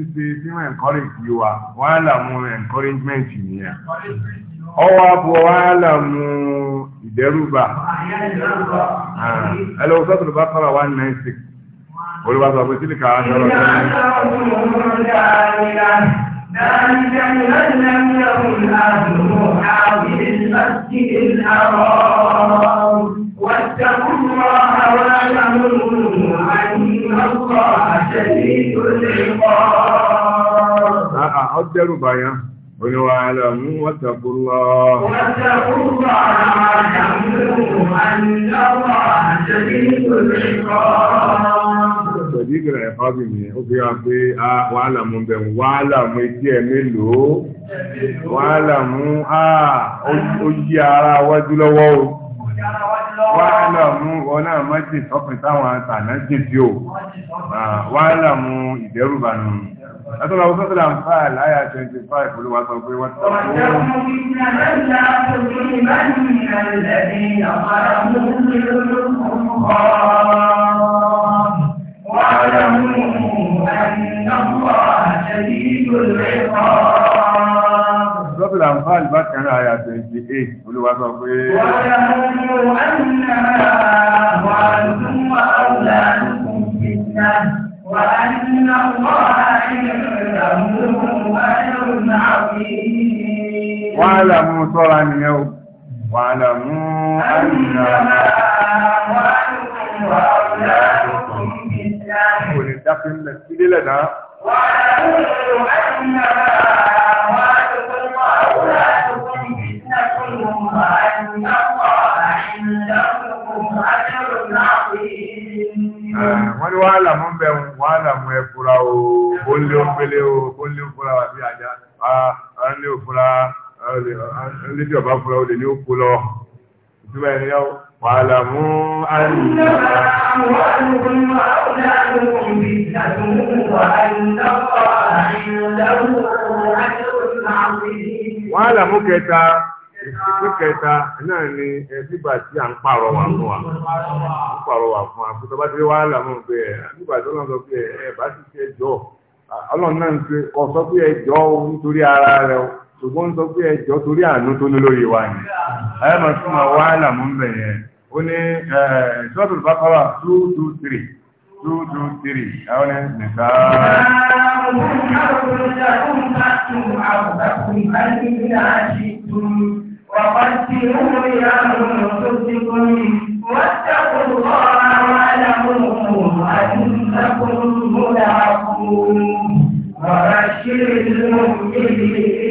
ṣe tí wọ́n encourage wa wọ́n á là mú encouragement nìyẹn ọwọ́ abọ́ wọ́n á là mú ìdẹ́rùbà ẹ lọ sọ́tò bá kọ́ra one nine six olùwàsàn àpèsílẹ̀ kàá ṣọ́rọ̀ ṣọ́rọ̀ ذلك من لم يكن أهله حاضر المسجد الحرام واتقوا الله واعلموا أن الله شديد العقاب. أقدر آه، آه، آه، بيان قل واعلموا واتقوا الله واتقوا الله واعلموا أن الله شديد العقاب sọ̀díkì rẹ̀ fábì mi ó fi hàn pé wàhálà mú bẹ̀rù wàhálà mú etí ẹ̀ mélòó wàhálà mú ó yí ara wájú lọ́wọ́ o wàhálà mú ọ̀nà àmájì ọkùnrin táwọn àtàná jì sí o wàhálà mú ìdẹ́rùbànú Àtọ́lá ọ̀sán tó dáa fáà láyà 25 olúwa sọ pé wọ́n tọ́ fún واعلموا أن الله شديد العقاب رب الأنفال بكر آية 28 قلوا وصفين واعلموا أنما أموالكم وأولادكم فتنة وأن الله عنده أجر عظيم واعلموا ترى اليوم واعلموا أنما أموالكم وأولادكم jáfe ńlẹ̀ sílé lẹ́nà. wọ́n ní wàhálà mú bẹ̀ wàhálà mú ẹ fura o ó lé ó pélé o ó lé ó fura wà bí àjá a ń lé ó fura ilé tí ọba fúra olè ní òkú lọ ìtumẹ̀ ènìyàn wà lámú wàhálà mú kẹta ìsìnkú kẹta náà ni ẹ̀sìgbà tí a ń pàrọwà fún wa ń pàrọwà fún wa tó bá ti wàhálà mú pé ẹ̀ àgbìgbà sọ pé bá ti ṣe ẹjọ́ ọlọ́run náà ń sọ pé ara o ṣùgbọ́n sọ pé ẹjọ́ torí àánú tó ní lórí wa ni wàhálà mú bẹ̀yẹn ó ní ṣọ́ọ̀tù two two three. two two three àwọn ẹni nìta. وقدروا لأنفسكم واتقوا الله واعلموا أنكم ملاقوه وبشر المؤمنين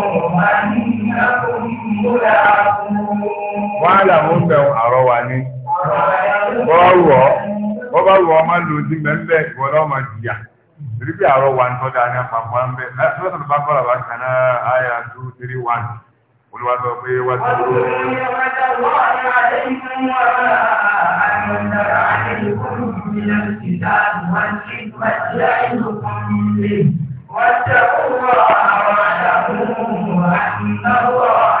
wọ́n á làwọn ń bẹ̀rù àrọ́ ní bọ́ọ̀rọ̀ bọ́ọ̀rọ̀ ọmọ lò sí mẹ́mbẹ́ ìwọ́lọ́ ọmọ jìyà torí bí àrọ́ ń tọ́jà ní àpapọ̀ ń bẹ́ lọ́sọ̀rọ̀ bá kọ́ra bá kàn náà àyà 231 olúwa sọ pé wá sí ìlú. واتقوا الله واعلموا أن الله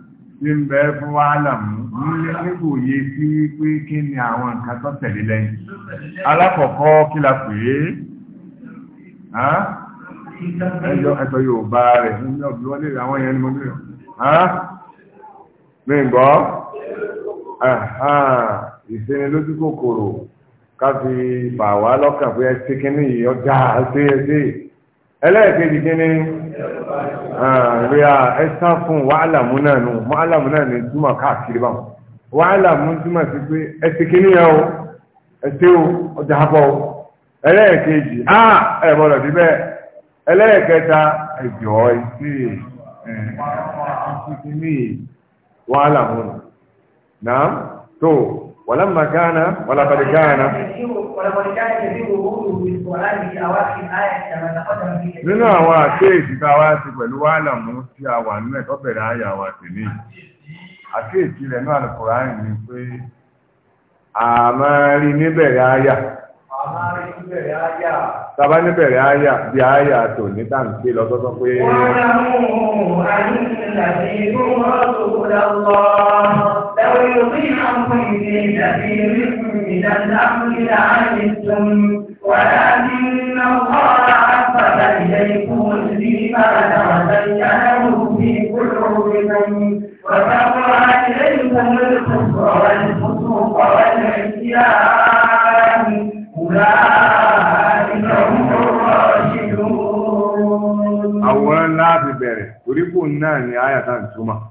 ní ń bẹ fún wàhálà mú nígbò yé sí wípé kí ni àwọn nǹkan tó tẹ̀lé lẹ́yìn alákọ̀ọ́kọ́ kí la pè é ẹjọ́ yóò bá rẹ̀ ní ọ̀bí wọlé àwọn èèyàn ni mo ní mi ń gbọ́ ìsinmi lójú kòkòrò ká fi bà wá lọ́kàn pé ẹ ṣe kíní yìí ọjà ṣe é ṣe ẹlẹ́ẹ̀kejì kíní. Ah, ríà ẹ́sà fún wàhálàmú náà nù wàhálàmú náà ní túmọ̀ káàkiri bá wọn wàhálàmú túmọ̀ sí pé ẹsẹ̀ kìíní yẹn o ẹsẹ̀ ọjà bọ̀ o á ẹ̀bọ̀dọ̀ sí bẹ́ẹ̀ ẹlẹ́ẹ̀kẹta ẹ̀jọ̀ ẹ̀sẹ̀ ẹ̀ẹ́dẹ́gbẹ̀ẹ́ wàhálàmú náà tó. ولما كان ولقد كان nínú àwọn àkéèsì tá a wá sí pẹ̀lú wàhálà mú tí a wà nínú ẹ̀tọ́ bẹ̀rẹ̀ àyà wa sì ní àkéèsì rẹ̀ náà Al-Kùránì ni pé a máa rí níbẹ̀rẹ̀ àyà tàbá níbẹ̀rẹ̀ àyà bí àyà tò ní tàǹkì lọ́sọ́sọ́ pé wọ́n náà mú àyíkìlà sí ìlú ọ̀tún lọ́wọ́ أو يطيعكم في سبيلكم من إلى عنتم ولكن الله حبب إليكم الإيمان وزينه في قلوبكم وكره إليكم الكفر والفسوق والعصيان أولئك هم الراشدون. أولا لا بيري، أريكم الناني آية ثانية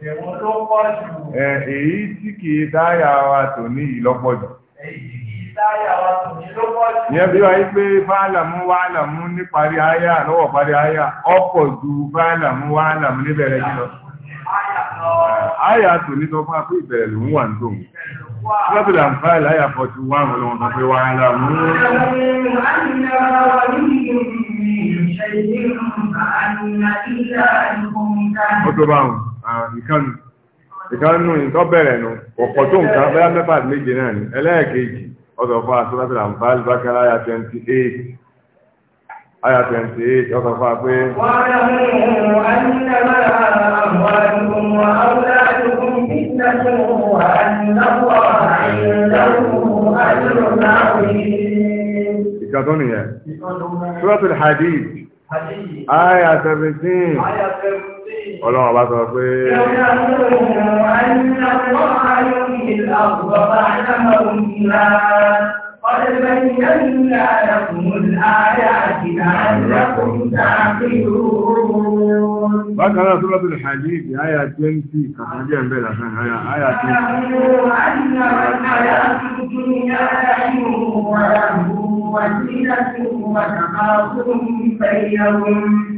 Èyí tí kìí dáyà wa tò ní ìlọ́pọ̀ jù. bí wáyé pé fáàlàmú wáàlàmú ní parí ayá lọ́wọ́ parí ayá, ọ̀pọ̀ ju fáàlàmú wáàlàmú ní bẹ̀rẹ̀ jùlọ. Ayá tò ní sọ fún ìbẹ̀rẹ̀ ló ń wà ní tòun. Lọ́tọ̀dà ń fáàlì ayá 41 olóhun sọ pé ìkànnù ìkànnù nǹkan bẹ̀rẹ̀ nu ọ̀pọ̀ tó nǹkan bẹ́ẹ̀ mẹ́fà méje náà ni ẹlẹ́ẹ̀kejì ọ̀sọ̀ fún asọ́lásílà ń bá bákàrà àyà twenty eight àyà twenty eight ọ̀sọ̀ fún apẹ́. wọ́n á mú àyínlẹ́mọ́ àwọn àdúgbò wọn àwọn àdúgbò fitna tó wà nínú àwọn àyínlẹ́mọ́ àdúgbò náà wí. ìkàtọ́ nìyẹn. suratul hadid. hadid. àyà seventeen. àyà seventeen ọlọ́run bá sọ pé Bákan náà sọ́lọ́ bí ìhàjí ìdí àyà 20 kàtàkì jẹ́ ẹ̀mẹ́ ìlàfẹ́ àyà àyà 20.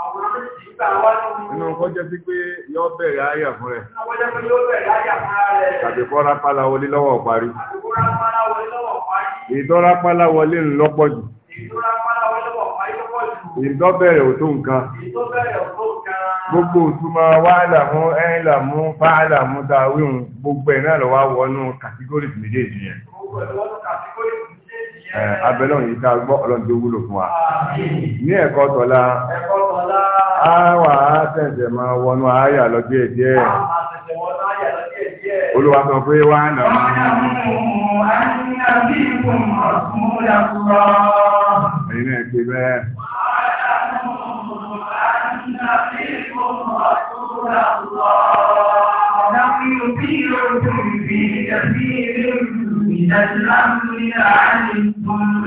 Inú kọ́ jẹ́ sí pé yọ bẹ̀rẹ̀ ayà fún rẹ̀. Tàbí kọ́ rápálá wọlé lọ́wọ́ parí. Ìdọ́ra pálá wọlé ń lọ́pọ̀ jù. Ìdọ́bẹ̀rẹ̀ ò tó nǹkan. Gbogbo òtúmọ̀ wàhálà mú ẹ́ńlà mú fàhálà mú dáwíhùn gbogbo ẹ̀ náà lọ wá wọnú kàtígórì méjèèjì yẹn. abẹ́lẹ́ òyìn tá a gbọ́ ọlọ́run tó wúlò fún wa. ní ẹ̀kọ́ tọ́lá a wà á tẹ̀sẹ̀ wọnú àyà lọ díẹ̀ díẹ̀ olúwa sọ pé wà á nà máa ẹ̀yin náà يطيعكم في كثير من الأمر عنكم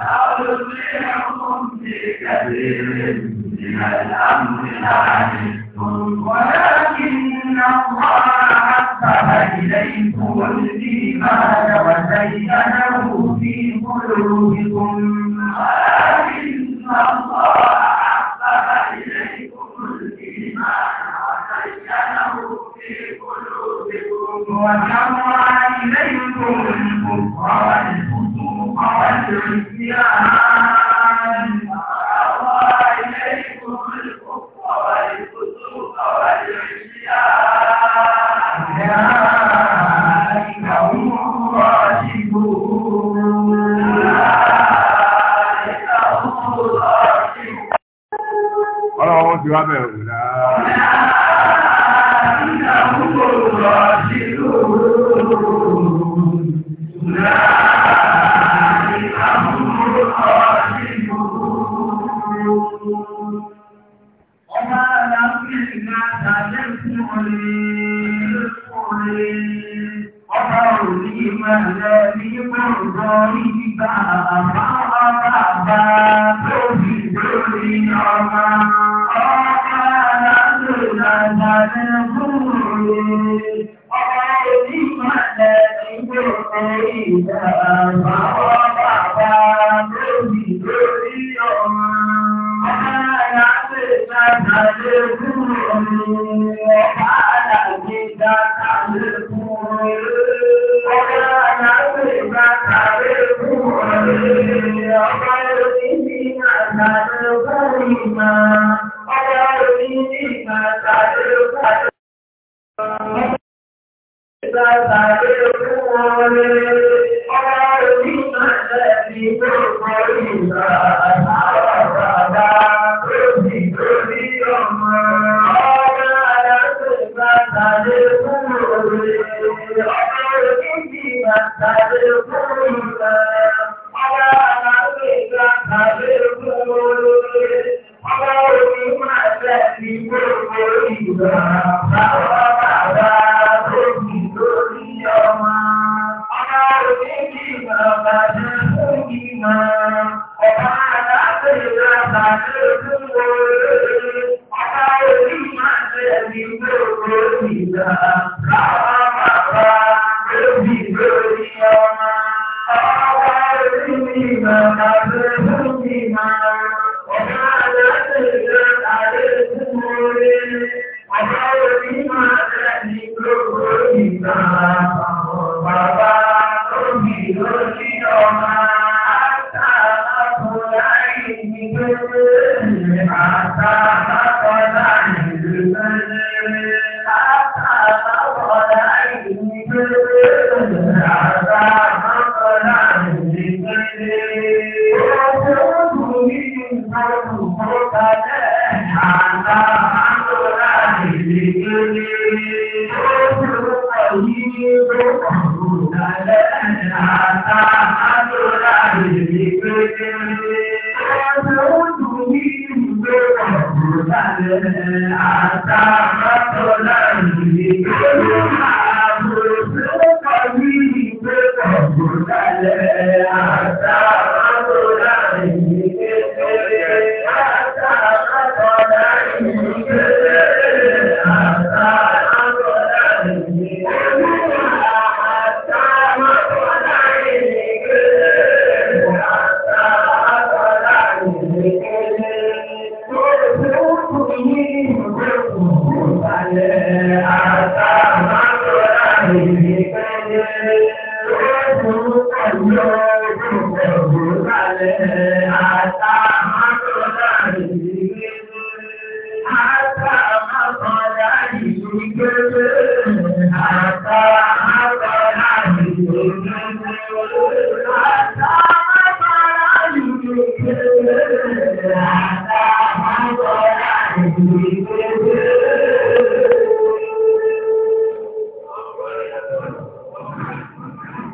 أطيعكم في كثير من الأمر عنكم ولكن الله حبب إليكم الإيمان وزينه في قلوبكم ولكن الله وجمع إليكم الكفر والفسوق والعصيان Amen.